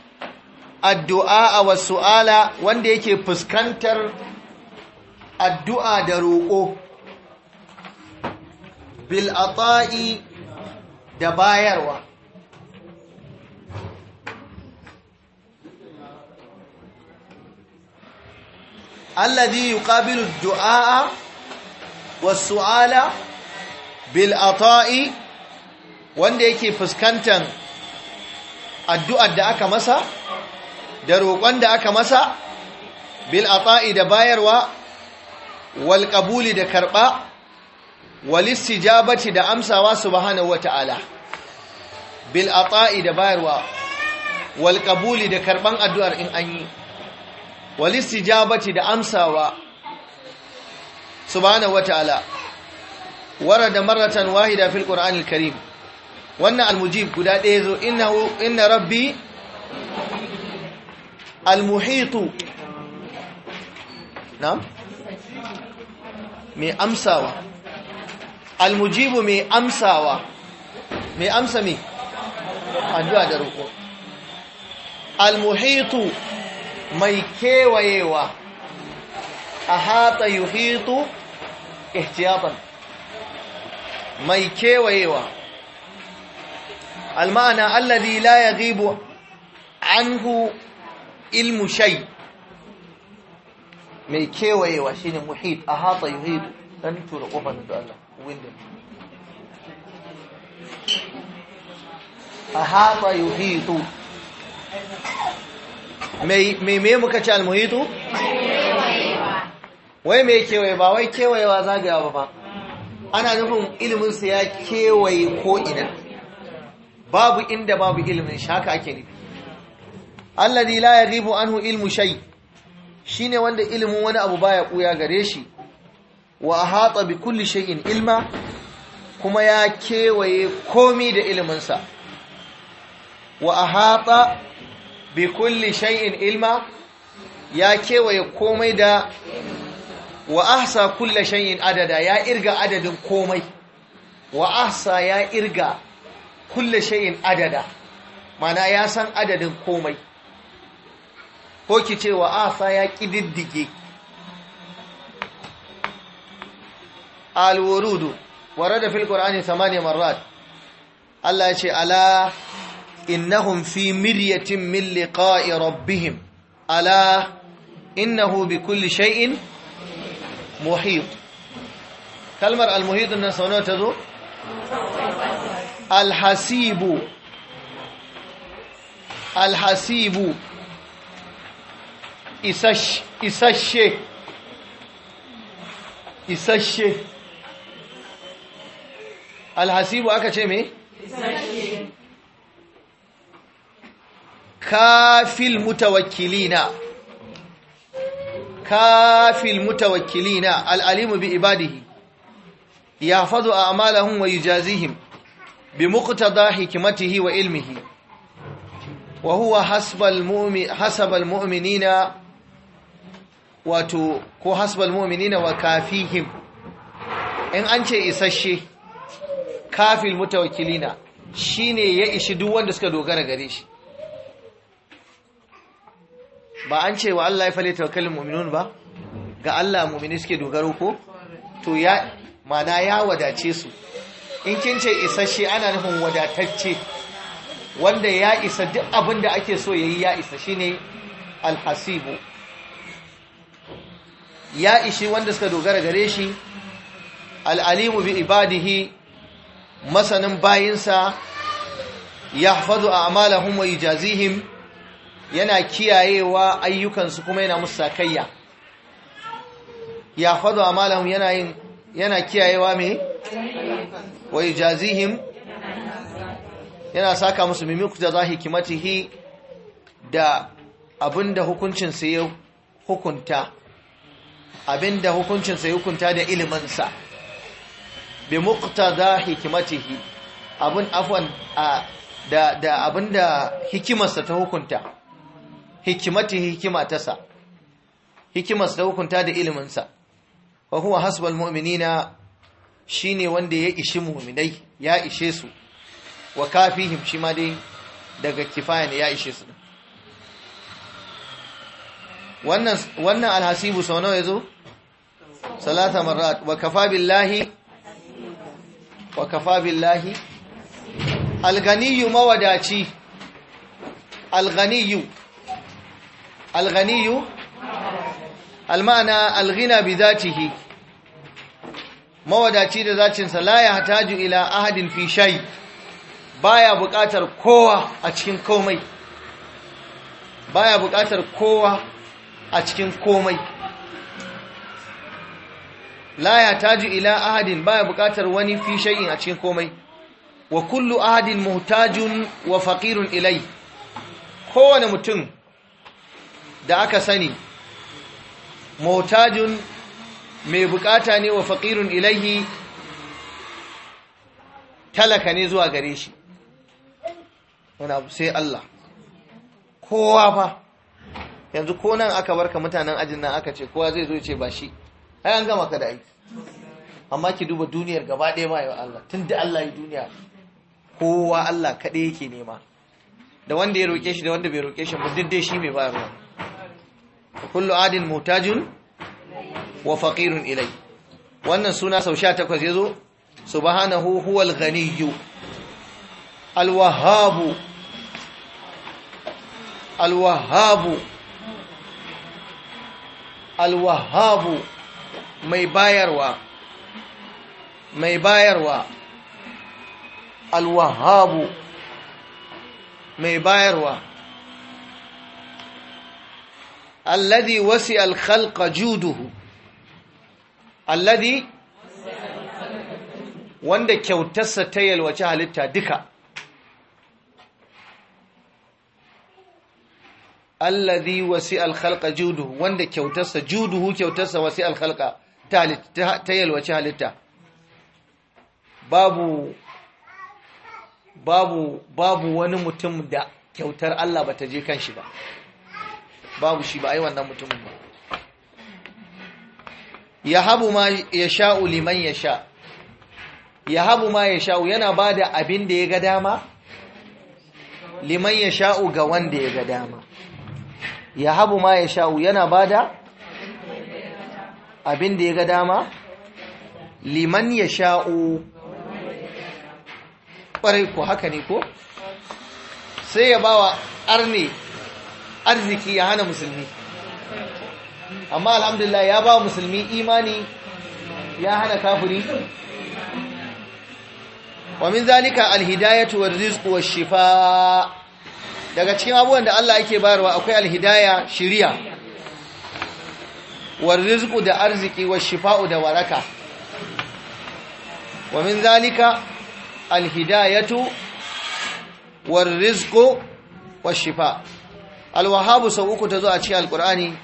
addu'a wa su'ala wanda yake fuskantar addu'a da roƙo bil da bayarwa allazi yuqabilu du'aa wasu'ala suala wanda yake fuskantar addu'ar da aka masa da roƙon da aka masa bil ata'i da bayarwa wal da karɓa. Jabati da amsawa subhanahu wata'ala bil ata'i da bayarwa wal qabuli da karban addu'ar in an yi Jabati da amsawa subhanahu wata'ala warada marratan wahida fil qur'anil karim wannan almujib guda ɗaya zo innahu inna rabbi almuhitu mai amsawa almujibu mai amsawa mai amsa mai addu'a da roƙo almuhitu mai kewayewa a hata yuhitu ihtiyatan mai kewayewa alma'ana alladhi la yaghibu anhu ilmu shay mai kewayewa shine muhit ahata yuhitu dan tura kofar da Allah window. ahata yuhitu Me me muka ce almuhitu wai mai kewaye ba wai kewayewa zagaya ba fa ana nufin su ya kewaye ko ina babu inda babu ilimin shaka ake nufi alladhi la yaghibu anhu ilmu shay shine wanda ilimin wani abu baya kuya gare shi wa ahata bi kulli shay'in ilma kuma ya kewaye komi da iliminsa wa ahata bi kulli shay'in ilma ya kewaye komai da wa ahsa kulla shay'in adada ya irga adadin komai wa ahsa ya irga kulla shay'in adada mana ya san adadin komai ko ki ce wa ahsa ya ƙididdige الورود ورد في القرآن ثمانية مرات الله يقول ألا إنهم في مرية من لقاء ربهم ألا إنه بكل شيء محيط كلمة المحيط الناس تذو الحسيب الحسيب إسش إسش إسش alhasibu aka ce me kafil mutawakkilina kafil mutawakkilina al'alimu bi ibadihi ya fazo a amalahun wa yujazihim bi muqtada hikimatihi wa ilmihi wa huwa hasabal mu'minina wato ko hasbal mu'minina wa kafihim in an ce isasshe kafil mutawakkilina shine ya ishi duk wanda suka dogara gare shi ba an ce wa Allah ya fale tawakkalul mu'minun ba ga Allah mu'mini suke dogaro ko to ya mana ya wadace su in kin ce isasshe ana nufin wadatacce wanda ya isa duk abin da ake so yayi ya isa shine alhasibu ya ishi wanda suka dogara gare shi al'alimu bi ibadihi masanin bayinsa yahfazu a'malahum wa yujazihim yana kiyayewa ayyukansu kuma yana musu sakayya yahfazu a yana yin yana kiyayewa mai wa yujazihim yana saka musu mimiku da zahi kimatihi da abinda hukuncinsa ya hukunta abinda hukuncinsa ya hukunta da iliminsa bi muqtada hikmatihi abun afwan da da abinda hikimarsa ta hukunta hikimarsa ta hukunta da iliminsa wa huwa hasbal mu'minina shine wanda ya ishi mu'minai ya ishe su wa kafihim shi ma dai daga kifaya ne ya ishe su wannan wannan alhasibu sau nawa yazo salata marrat wa kafa billahi wa kafa billahi alganiyu mawadaci alganiyu alganiyu almana alghina bi zatihi mawadaci da zacinsa la ya ila ahadin fi shay baya buƙatar kowa a cikin komai baya buƙatar kowa a cikin komai la ya taju ila ahadin baya bukatar wani fi shay'in a cikin komai wa kullu ahadin muhtajun wa faqirun ilai kowane mutum da aka sani muhtajun mai bukata ne wa faqirun ilaihi talaka ne zuwa gare shi Wana abu sai Allah kowa fa yanzu ko nan aka barka mutanen ajin nan aka ce kowa zai zo ya ce ba shi ai an gama ka da aiki amma ki duba duniyar gaba ɗaya ma yawan Allah tun da Allah yi duniya kowa Allah kaɗai yake nema da wanda ya roƙe shi da wanda bai roƙe shi ba duk dai shi mai bayarwa kullu adin mutajun wa faqirun ilai wannan suna sau sha takwas 18 yazo subhanahu huwal ghaniyyu alwahabu alwahabu alwahabu mai bayarwa mai bayarwa alwahabu mai bayarwa alladhi wasi alkhalqa juduhu alladhi wanda kyautarsa ta yalwaci halitta duka alladhi wasi alkhalqa juduhu wanda kyautarsa juduhu kyautarsa wasi alkhalqa ta yalwaci halitta babu babu babu wani mutum da kyautar Allah ba ta je kan shi ba babu shi ba ai wannan mutumin ba Ya habu ma ya sha'u liman ya sha. Ya habu ma ya sha'u yana bada abin da ya ga dama liman ya sha'u ga wanda ya ga dama Ya habu ma ya sha'u yana bada abin da ya ga dama liman ya sha'u ƙwarai ko haka ne ko sai ya bawa arne arziki ya hana musulmi amma alhamdulillah ya ba musulmi imani ya hana kafuri wa min zalika alhidayatu wa washifa daga cikin abubuwan da Allah yake bayarwa akwai alhidaya shiriya wa da arziki wa shifa'u da waraka wa min zalika alhidayatu wa rizqu wa shifa alwahabu sau uku tazo a cikin alkur'ani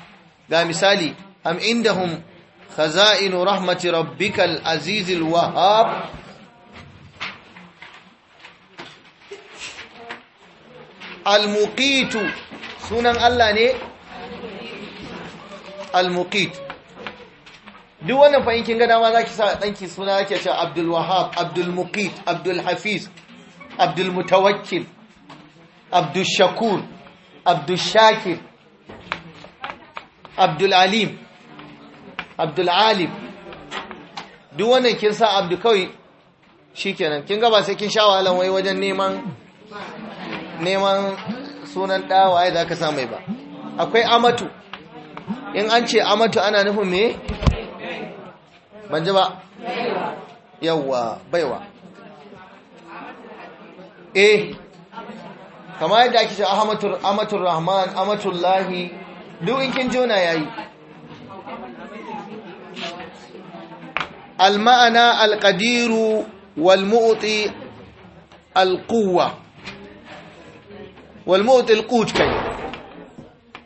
ga misali am indahum khaza'inu rahmati rabbikal azizil wahhab almuqitu sunan Allah ne al-muqit duk wannan fa in kin ga dama zaki sa danki suna yake cewa Abdul Wahhab Abdul Muqit Abdul Hafiz Abdul Mutawakkil Abdul Shakur Abdul Shakir Abdul Alim Abdul Alim duk wannan kin sa Abdul kai shikenan kin ga ba sai kin sha wahalan wai wajen neman neman sunan ɗawaye da zaka sa mai ba akwai amatu in an ce amatu ana nufin me ban ji ba yawwa baiwa eh kama yadda ake ce amatul rahman amatul lahi duk in kin jona yayi المعنى القدير والمؤطي القوة والمؤطي القوت كي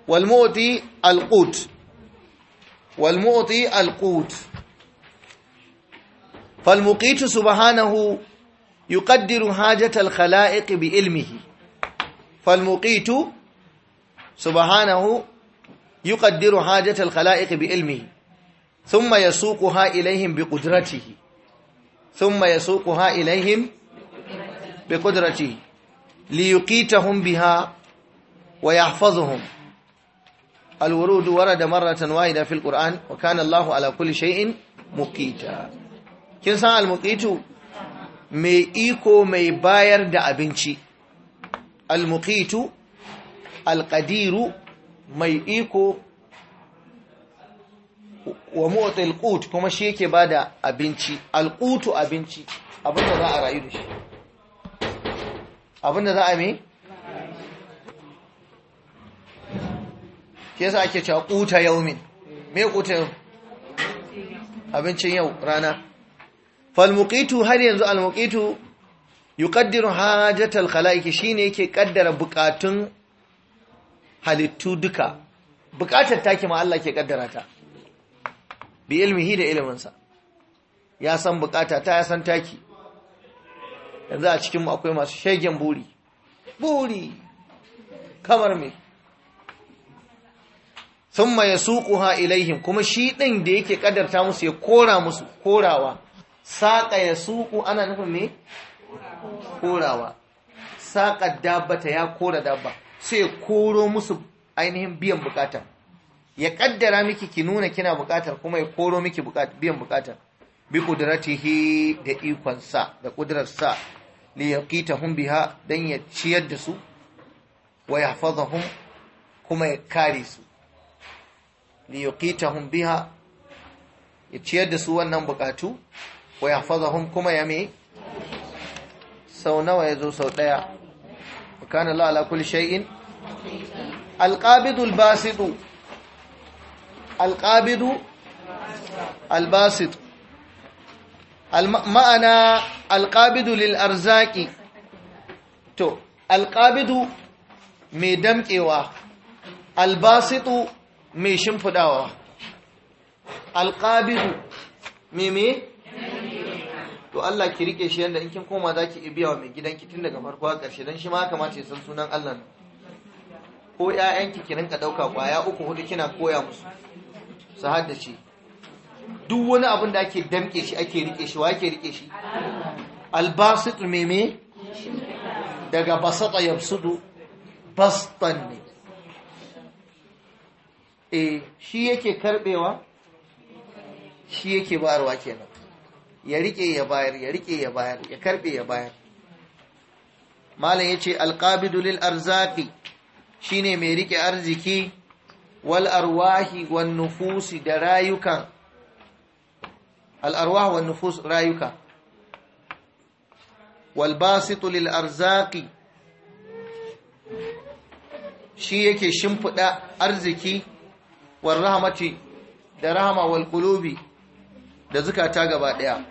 والمؤطي القوت والمعطي القوت فالمقيت سبحانه يقدر حاجة الخلائق بإلمه فالمقيت سبحانه يقدر حاجة الخلائق بإلمه ثم يسوقها إليهم بقدرته ثم يسوقها إليهم بقدرته ليقيتهم بها ويحفظهم الورود ورد مرة واحدة في القرآن وكان الله على كل شيء مقيتا kin san almuqitu mai iko mai bayar da abinci almuqitu alqadiru mai iko wa mu'til qut kuma shi yake bada abinci alqutu abinci abinda za a rayu da shi abinda za a me shi yasa ake cewa yau yaumin me kuta yau abincin yau rana fal muqitu har yanzu al muqitu yuqaddiru hajatal shi shine yake kaddara bukatun halittu duka bukatar take ma Allah ke kaddara ta bi ilmihi da ilminsa. ya san bukata ta ya san taki yanzu a cikin akwai masu shegen buri buri kamar me sun suku ha ilaihim kuma shi ɗin da yake ƙadarta musu ya kora musu korawa saƙa ya suku ana nufin ne? korawa saƙa dabba ta ya kora dabba sai ya koro musu ainihin biyan bukata ya ƙaddara miki ki nuna kina bukatar kuma ya koro miki biyan bukatar bi qudratihi da ikonsa da ƙudurarsa li hun biha dan ya ciyar da su wa yahfazahum kuma ya kare su liyuqitahum biha ya ciyar da su wannan bukatu wa yahfazahum kuma ya me sau nawa yazo sau daya wa kana Allah ala kulli shay'in alqabidul basitu alqabidu albasitu ma'ana alqabidu lil arzaki to alqabidu mai damkewa albasitu mai shimfidawa alƙabiru meme to Allah ki rike shi yadda in kin koma ki ibiya wa mai gidanki tun daga farko a ƙarshe, don shi ma kamata ya san sunan Allah ko 'ya'yanki ki rinka ɗauka ƙwaya uku hudu kina koya musu su haddace duk wani abin da ake damke shi ake rike shi wa ake rike shi albasit meme daga basata yabsudu bastan ne E, shi yake karbewa shi yake bayarwa kenan ya rike ya bayar ya rike ya bayar ya karbe ya bayar malam yace alqabidu lil arzaqi shine mai rike arziki wal arwahi wan nufusi da rayukan al arwah wan nufus rayuka wal basitu lil arzaqi shi yake shimfida arziki war da rahama wal qulubi da zukata gaba daya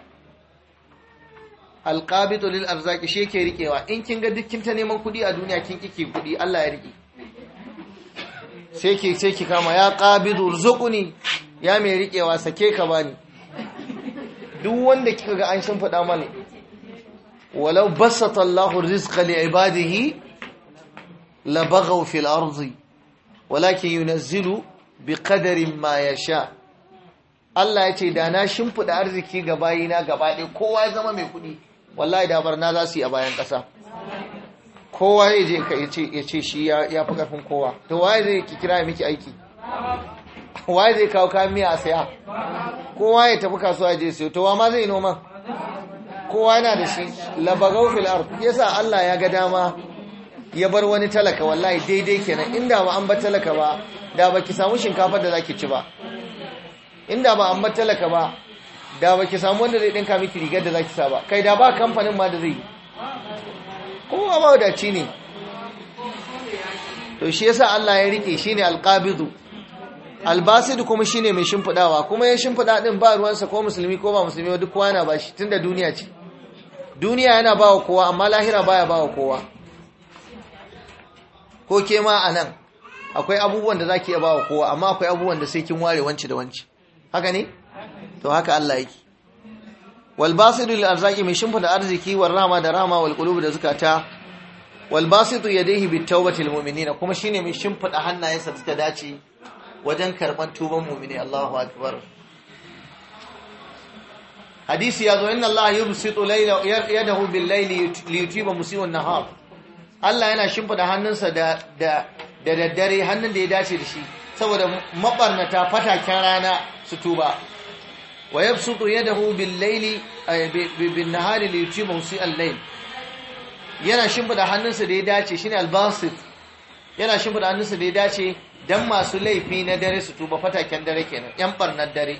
alqabitu lil arzaki shi yake rikewa in kin ga dukkin ta neman kudi a duniya kin kike kudi Allah ya rike sai ki sai ki kama ya qabidu rzuquni ya mai rikewa sake ka bani duk wanda kika ga an shin fada mana walau basata Allahu rizqa li ibadihi labaghaw fil ardi walakin yunazzilu bi ma ma sha. Allah ya ce da na shimfiɗa arziki ga bayina gaba ɗaya kowa ya zama mai kuɗi wallahi da barna za su yi a bayan ƙasa kowa ya je ka ya ce shi ya fi ƙarfin kowa to waye zai ki kira ya miki aiki waye zai kawo kayan miya a saya kowa ya tafi kasuwa ya je sayo to wa ma zai noma kowa yana da shi labagau filar ard yasa Allah ya ga dama ya bar wani talaka wallahi daidai kenan inda ba an ba talaka ba da ba ki samu shinkafar da zaki ci ba inda ba an ba talaka ba da ba ki samu wanda zai dinka miki rigar da zaki sa ba kai da ba kamfanin ma da zai Kowa ba wadaci ne to shi yasa Allah ya rike shine alqabid albasid kuma shine mai shimfidawa kuma ya shimfida din ba ruwansa ko musulmi ko ba musulmi duk wani yana bashi tunda duniya ce duniya yana bawa kowa amma lahira baya bawa kowa ko ke ma a nan akwai abubuwan da za ki yaba wa kowa amma akwai abubuwan da sai kin ware wance da wance haka ne to haka Allah yake wal basitu lil arzaqi mai shimfa da arziki war rama da rama wal qulubi da zukata wal basitu yadayhi bit tawbati lil mu'minina kuma shine mai shimfa da hannayensa suka dace wajen karban tuban mu'mini Allahu akbar hadisi ya zo inna Allah yubsitu yadahu bil layli liyutiba musiwan nahar Allah yana shimfida hannunsa da daddare hannun da ya dace da shi saboda mabarnata fataken rana su tuba wa yabsutu yadahu da hu bin a nahari li yutima usi al allai yana shimfida hannunsa da ya dace shi ne albansif yana shimfida hannunsa da ya dace don masu laifi na dare su tuba fataken dare kenan yan barnar dare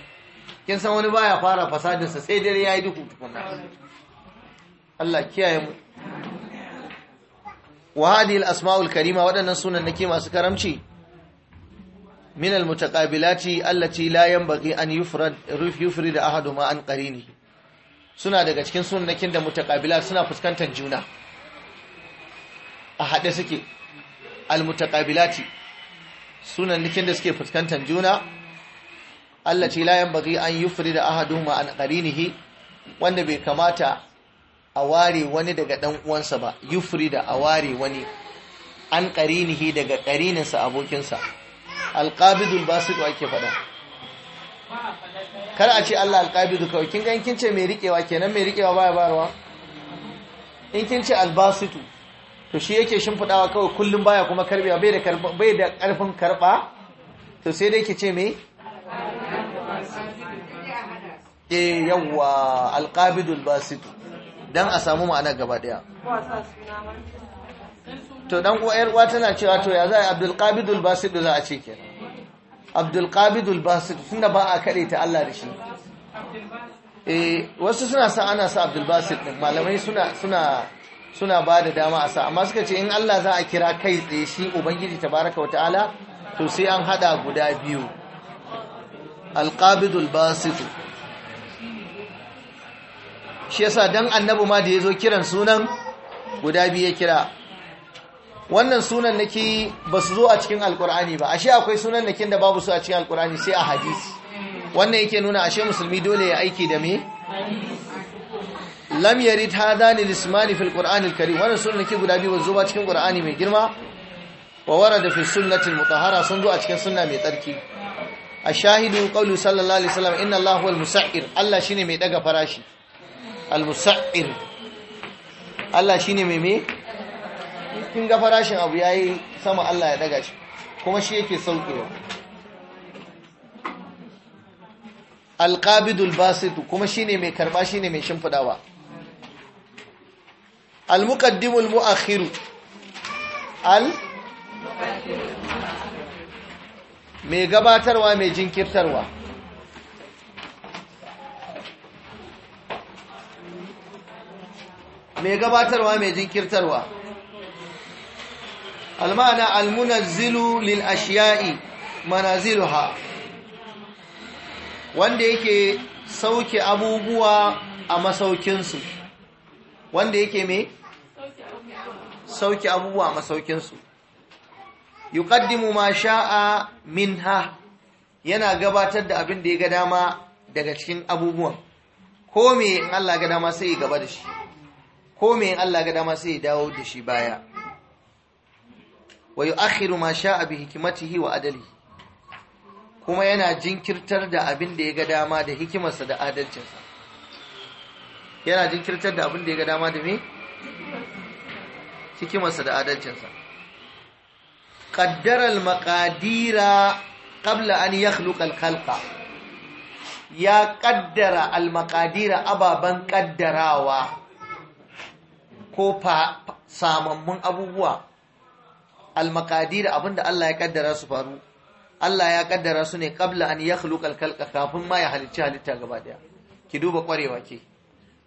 kin san wani baya fara fasadinsa sai dare yi duhu tukuna. Allah kiyaye mu wa hadhihi al-asma'ul karima waɗannan sunan nake masu karamci min al-mutaqabilati allati la yanbaghi an yufrad yufrid ahaduhuma an qarini suna daga cikin sunnakin da mutaqabila suna fuskantar juna a hade suke al-mutaqabilati sunannikin da suke fuskantar juna allati la yanbaghi an yufrid ahaduhuma an qarinihi wanda bai kamata a ware wani daga ɗan'uwansa uwansa ba yufrida a ware wani an ƙarinihi daga ƙarininsa abokinsa alƙabidul basitu ake faɗa kar a ce Allah alƙabidu kawai kin ga kin ce mai riƙewa kenan mai riƙewa baya bayarwa in kin ce albasitu to shi yake shimfiɗawa kawai kullum baya kuma karbewa bai da bai da ƙarfin karɓa to sai dai ke ce me eh yawwa alqabidul basitu don a samu ma'ana gaba daya to dan uwa yar uwa tana cewa to ya zai Abdul Qabid al Basit za a ce ke Abdul Qabid al Basit tunda ba a kare ta Allah da shi eh wasu suna sa ana sa Abdul Basit din malamai suna suna suna ba da dama a sa amma suka ce in Allah za a kira kai tsaye shi ubangiji tabaraka wa ta'ala to sai an hada guda biyu al Qabid al Basit shi yasa dan annabi ma da ya zo kiran sunan guda biyu ya kira wannan sunan nake ba su zo a cikin alkur'ani ba ashe akwai sunan nakin da babu su a cikin alkur'ani sai a hadisi wannan yake nuna ashe musulmi dole ya aiki da me lam yarid hadani lismani fil qur'ani al wannan sunan nake guda biyu ba zo ba cikin qur'ani mai girma wa warada fi sunnati al mutahhara sun zo a cikin sunna mai tsarki ashahidu qawlu sallallahu alaihi wasallam inna allahu al musa'ir allah shine mai daga farashi al Allah shine mai me kin ga farashin abu yayi sama Allah ya daga shi kuma shi yake saukewa al-qabidul basit kuma shine mai karba shine mai shimfidawa al-muqaddimul mu'akhir al mai gabatarwa mai jinkirtarwa mai gabatarwa mai jinkirtarwa almana almunazzilu lil ashiya'i manaziluha wanda yake sauke abubuwa a masaukinsu wanda yake mai sauke abubuwa a masaukinsu yuqaddimu ma sha'a minha yana gabatar da abin da ya ga dama daga cikin abubuwan ko me Allah ga dama sai ya gaba da shi ko me Allah ga dama sai ya dawo da shi baya wa yu'akhiru ma sha'a bi hikmatihi wa adalihi kuma yana jinkirtar da abin da ya ga dama da hikimarsa da adalcinsa yana jinkirtar da abin da ya ga dama da me hikimarsa da adalcinsa qaddara al-maqadira qabla an yakhluqa al-khalqa ya qaddara al-maqadira ababan qaddarawa ko samammun abubuwa almakadi da abin da Allah ya kaddara su faru Allah ya kaddara su ne kabla an ya khuluqal khalqa kafin ma ya halicci halitta gaba daya ki duba kwarewa ke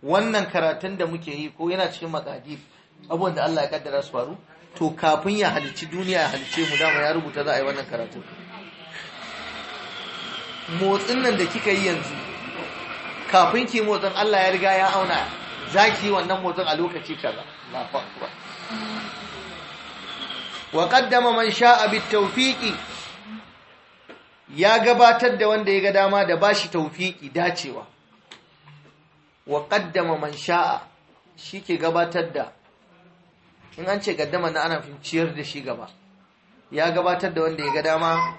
wannan karatun da muke yi ko yana cikin makadi abin da Allah ya kaddara su faru to kafin ya halicci duniya ya halicce mu dama ya rubuta za a yi wannan karatun motsin nan da kika yi yanzu kafin ki motsin Allah ya riga ya auna za ki yi wannan motsin a lokaci kaza wa qaddama man sha'a bit tawfiqi ya gabatar da wanda ya ga dama da bashi tawfiqi dacewa wa qaddama man sha'a shike gabatar da in an ce gaddama na ana ciyar da shi gaba ya gabatar da wanda ya ga dama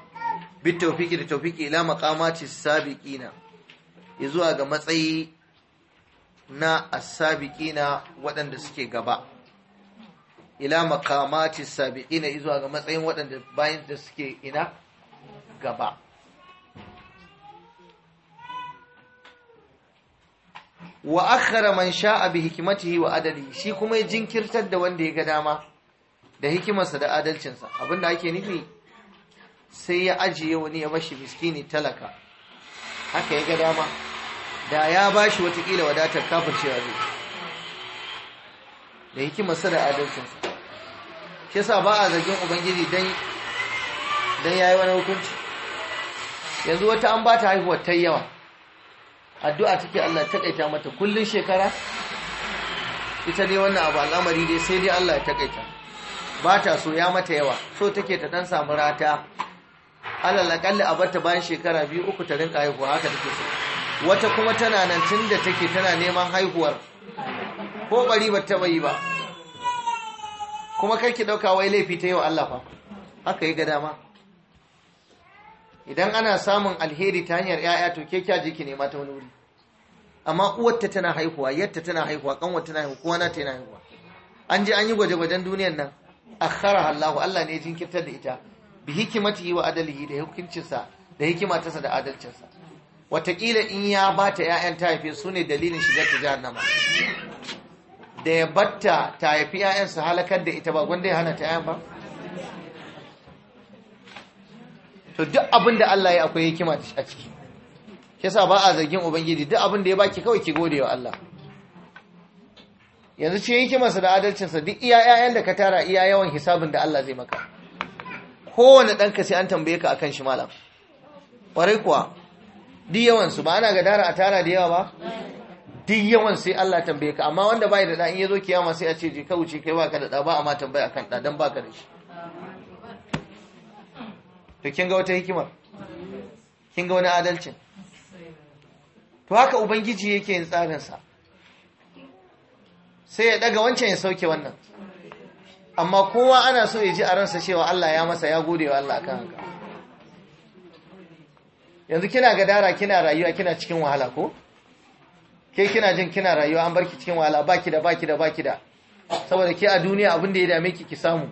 bit tawfiqi da tawfiqi ila maqamati sabiqina zuwa ga matsayi na asabiqina waɗanda suke gaba ila makamati sabiqina izuwa ga matsayin waɗanda bayan da suke ina gaba wa akhara man sha'a bi hikimatihi wa adali shi kuma ya jinkirtar da wanda ya ga dama da hikimarsa da adalcinsa abinda ake nufi sai ya ajiye wani ya bashi miskini talaka haka ya ga dama da ya ba shi watakila wadatar kafin cewa zai da masu da adalcinsa shi sa ba a zargin ubangiji don ya yi wani hukunci yanzu wata an ba ta haihuwar ta yawa addu'a take Allah ta kaita mata kullum shekara ita dai wannan abu al'amari dai sai dai Allah ya taƙaita ba ta so ya mata yawa so take ta dan samu rata Alalakalli aƙalli a barta bayan shekara biyu uku ta rinka haihuwa haka take so wata kuma tana nan tun da take tana neman haihuwar ko bari ba ta yi ba kuma karki dauka wai laifi ta yau Allah fa haka yi ga dama idan ana samun alheri ta hanyar yaya to ke kya ki nema ta wani wuri amma uwarta tana haihuwa yadda tana haihuwa kanwar tana haihuwa kowa na tana haihuwa an je an yi gwaje-gwajen duniyar nan akhara Allahu, Allah ne jinkirtar da ita bi hikimati wa adalihi da hukuncinsa da hikimatarsa da adalcinsa watakila in ya bata 'ya'yan ta haife su ne dalilin shiga ta jahannama da ya batta ta haifi 'ya'yan su halakar da ita ba gwanda ya hana ta 'ya'yan ba to duk abin da Allah ya akwai hikima a ciki kisa ba a zargin ubangiji duk abin da ya baki kawai ki gode wa Allah yanzu ce kimarsa da adalcinsa duk iya 'ya'yan da ka tara iya yawan hisabin da Allah zai maka kowane ɗan sai an tambaye ka akan shi malam ƙwarai kuwa duk yawansu ba ana gadara a tara da yawa ba duk yawan sai Allah tambaye ka amma wanda bai da da in yazo kiyama sai a ce je ka wuce kai baka da da ba amma tambaya akan da dan baka da shi to kin ga wata hikimar kin ga wani adalcin to haka ubangiji yake yin tsarin sa sai ya daga wancan ya sauke wannan amma kowa ana so ya ji a ransa cewa Allah ya masa ya gode wa Allah akan haka yanzu kina gadara kina rayuwa kina cikin wahala ko ke kina jin kina rayuwa an barki cikin wahala baki da baki da baki da saboda ke a duniya abin da ya dame ki ki samu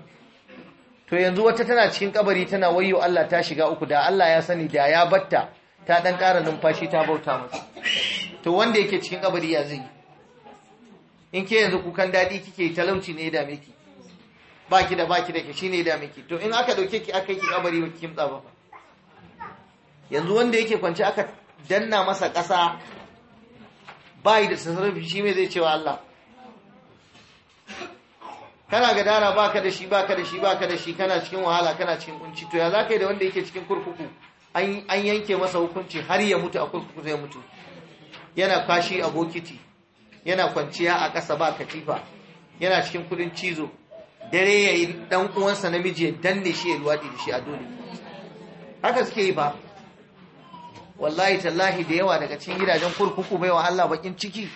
to yanzu wata tana cikin kabari tana wayyo Allah ta shiga uku da Allah ya sani da ya batta ta dan ƙara numfashi ta bauta masa to wanda yake cikin kabari ya zai in ke yanzu kukan daɗi kike talauci ne ya dame ki baki da baki da ke shine ya dame ki to in aka dauke ki aka yi kabari ba ki kimtsa ba yanzu wanda yake kwance aka danna masa ƙasa ba yi da tasarrufi shi mai zai cewa Allah kana gadara baka da shi baka da shi baka da shi kana cikin wahala kana cikin kunci to ya za ka yi da wanda yake cikin kurkuku an yanke masa hukunci har ya mutu a kurkuku zai mutu yana kashi a bokiti yana kwanciya a ƙasa ba katifa yana cikin kudin cizo dare ya yi ɗan uwansa namiji ya danne shi ya luwaɗi da shi a dole haka suke yi ba wallahi tallahi da yawa daga cikin gidajen kurkuku baiwa Allah bakin ciki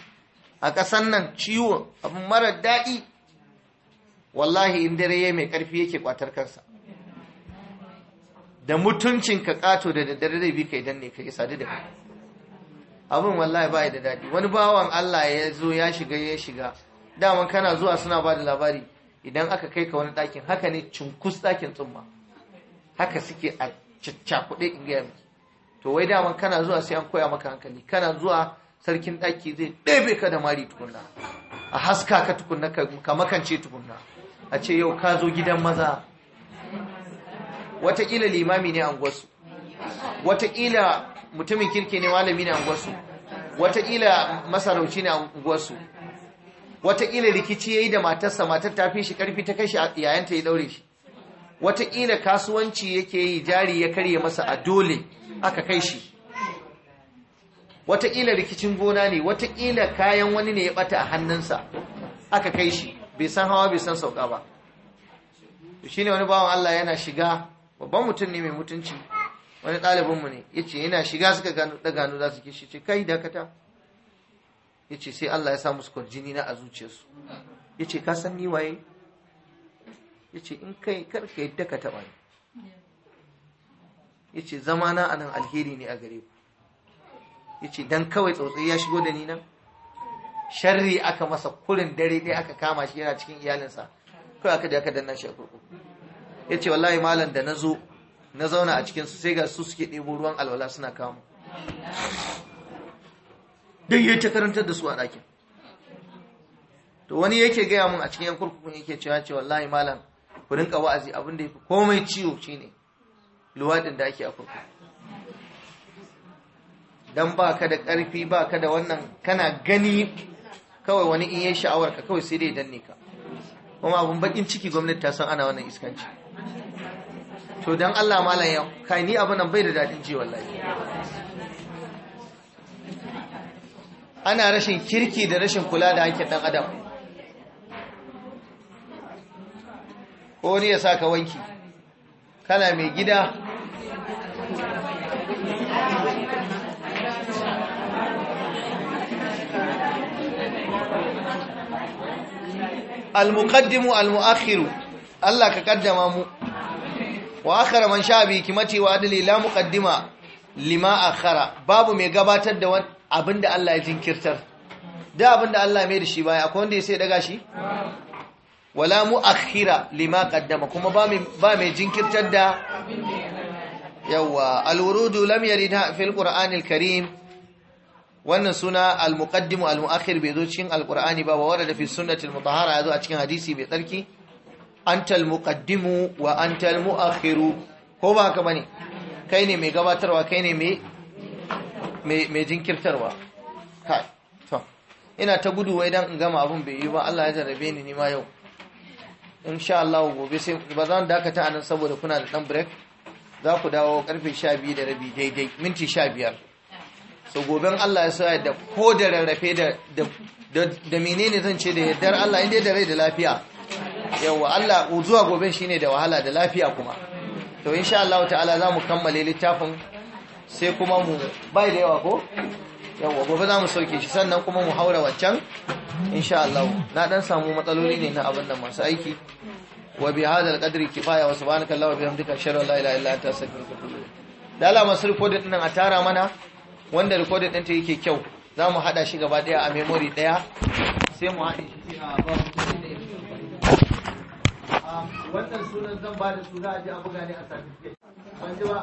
a ƙasan nan ciwo abin marar daɗi wallahi in dare ya mai ƙarfi yake ƙwatar kansa da mutuncin ka ƙato da daddare da bi kai danne ka sadu da abin wallahi ba da daɗi wani bawan Allah ya zo ya shiga ya shiga daman kana zuwa suna ba da labari idan aka kai ka wani ɗakin haka ne cunkus ɗakin tsumma haka suke a cakuɗe in gaya miki to wai dama kana zuwa sai an koya maka hankali kana zuwa sarkin ɗaki zai ɗebe ka da mari tukunna a haska ka tukunna ka makance tukunna a ce yau ka zo gidan maza watakila limami ne gwasu watakila mutumin kirki ne malami ne gwasu watakila masarauci ne gwasu watakila rikici ya yi da matarsa matar ta fi shi karfi ta kashi yayanta ya daure shi watakila kasuwanci yake yi jari ya karye masa a dole aka kai shi wataƙila rikicin gona ne wataƙila kayan wani ne ya ɓata a hannunsa aka kai shi bai san hawa bai san sauka ba shi ne wani bawan Allah yana shiga babban mutum ne mai mutunci wani ɗalibinmu ne ya ce yana shiga suka gano za su kishi ce kai dakata ya ce sai Allah ya sa musu jini na a zuciyarsu ya ce ka san ni waye ya ce in kai karka yadda ka taɓa ni yace zama na anan alheri ne a gare ku yace dan kawai tsotsi ya shigo da ni nan sharri aka masa kurin dare ɗaya aka kama shi yana cikin iyalinsa kawai aka da aka danna shi a kurkuku yace wallahi malam da nazo na zauna a cikin su sai ga su suke ɗebo ruwan alwala suna kama Dan ya ta karantar da su a ɗakin to wani yake gaya mun a cikin yan kurkukun yake cewa ce wallahi malam ku rinka wa'azi abin da fi komai ciwo shine luwaɗin da ake akwai don ba ka da ƙarfi ba ka da wannan kana gani kawai wani in yi sha'awar ka kawai sai dai danne ka kuma abun bakin ciki gwamnati ta san ana wannan iskanci to don allah malam ya kai ni abu nan bai da daɗin ji wallahi ana rashin kirki da rashin kula da hankin ɗan adam ko ne ya sa ka wanki kana mai gida al almu'akhiru. Allah ka kaddama mu wa akhara man sha bi kimati wa adli la muqaddima lima akhara babu mai gabatar da abinda Allah ya jinkirtar da abinda Allah mai da shi baya akwai wanda ya sai daga shi wala muakhira lima qaddama kuma ba mai ba mai jinkirtar da yawa al-wurudu lam yarid fil qur'anil karim wannan suna al-muqaddimu al-mu'akhir bai zo cikin al-qur'ani ba wa warada fi sunnati al-mutahhara yazo a cikin hadisi bai tsarki antal muqaddimu wa antal mu'akhiru ko ba haka bane kai ne mai gabatarwa kai ne mai mai jinkirtarwa kai to ina ta gudu wai dan in gama abun bai yi ba Allah ya jarrabe ni ni ma yau insha Allah gobe sai ba zan dakata anan saboda kuna da dan break za ku dawo karfe 12 da rabi daidai minti 15 so goben Allah ya sa da ko da rarrafe da da menene zan ce da yaddar Allah inda da rai da lafiya yawa Allah zuwa goben shine da wahala da lafiya kuma to insha Allah ta'ala za mu kammale littafin sai kuma mu bai da yawa ko yawa gobe za mu sauke shi sannan kuma mu haura waccan insha Allah na dan samu matsaloli ne na abin nan masu aiki wa bi hadal qadri kifaya wa subhanaka allahumma wa bihamdika ashhadu an la ilaha illa anta astaghfiruka wa atubu ilaik dala masrifo din nan a tara mana wanda recording ɗinta yake kyau za mu haɗa shi gaba ɗaya a memory ɗaya sai mu haɗe shi a ah, wannan sunan zan ba da su za a je a buga a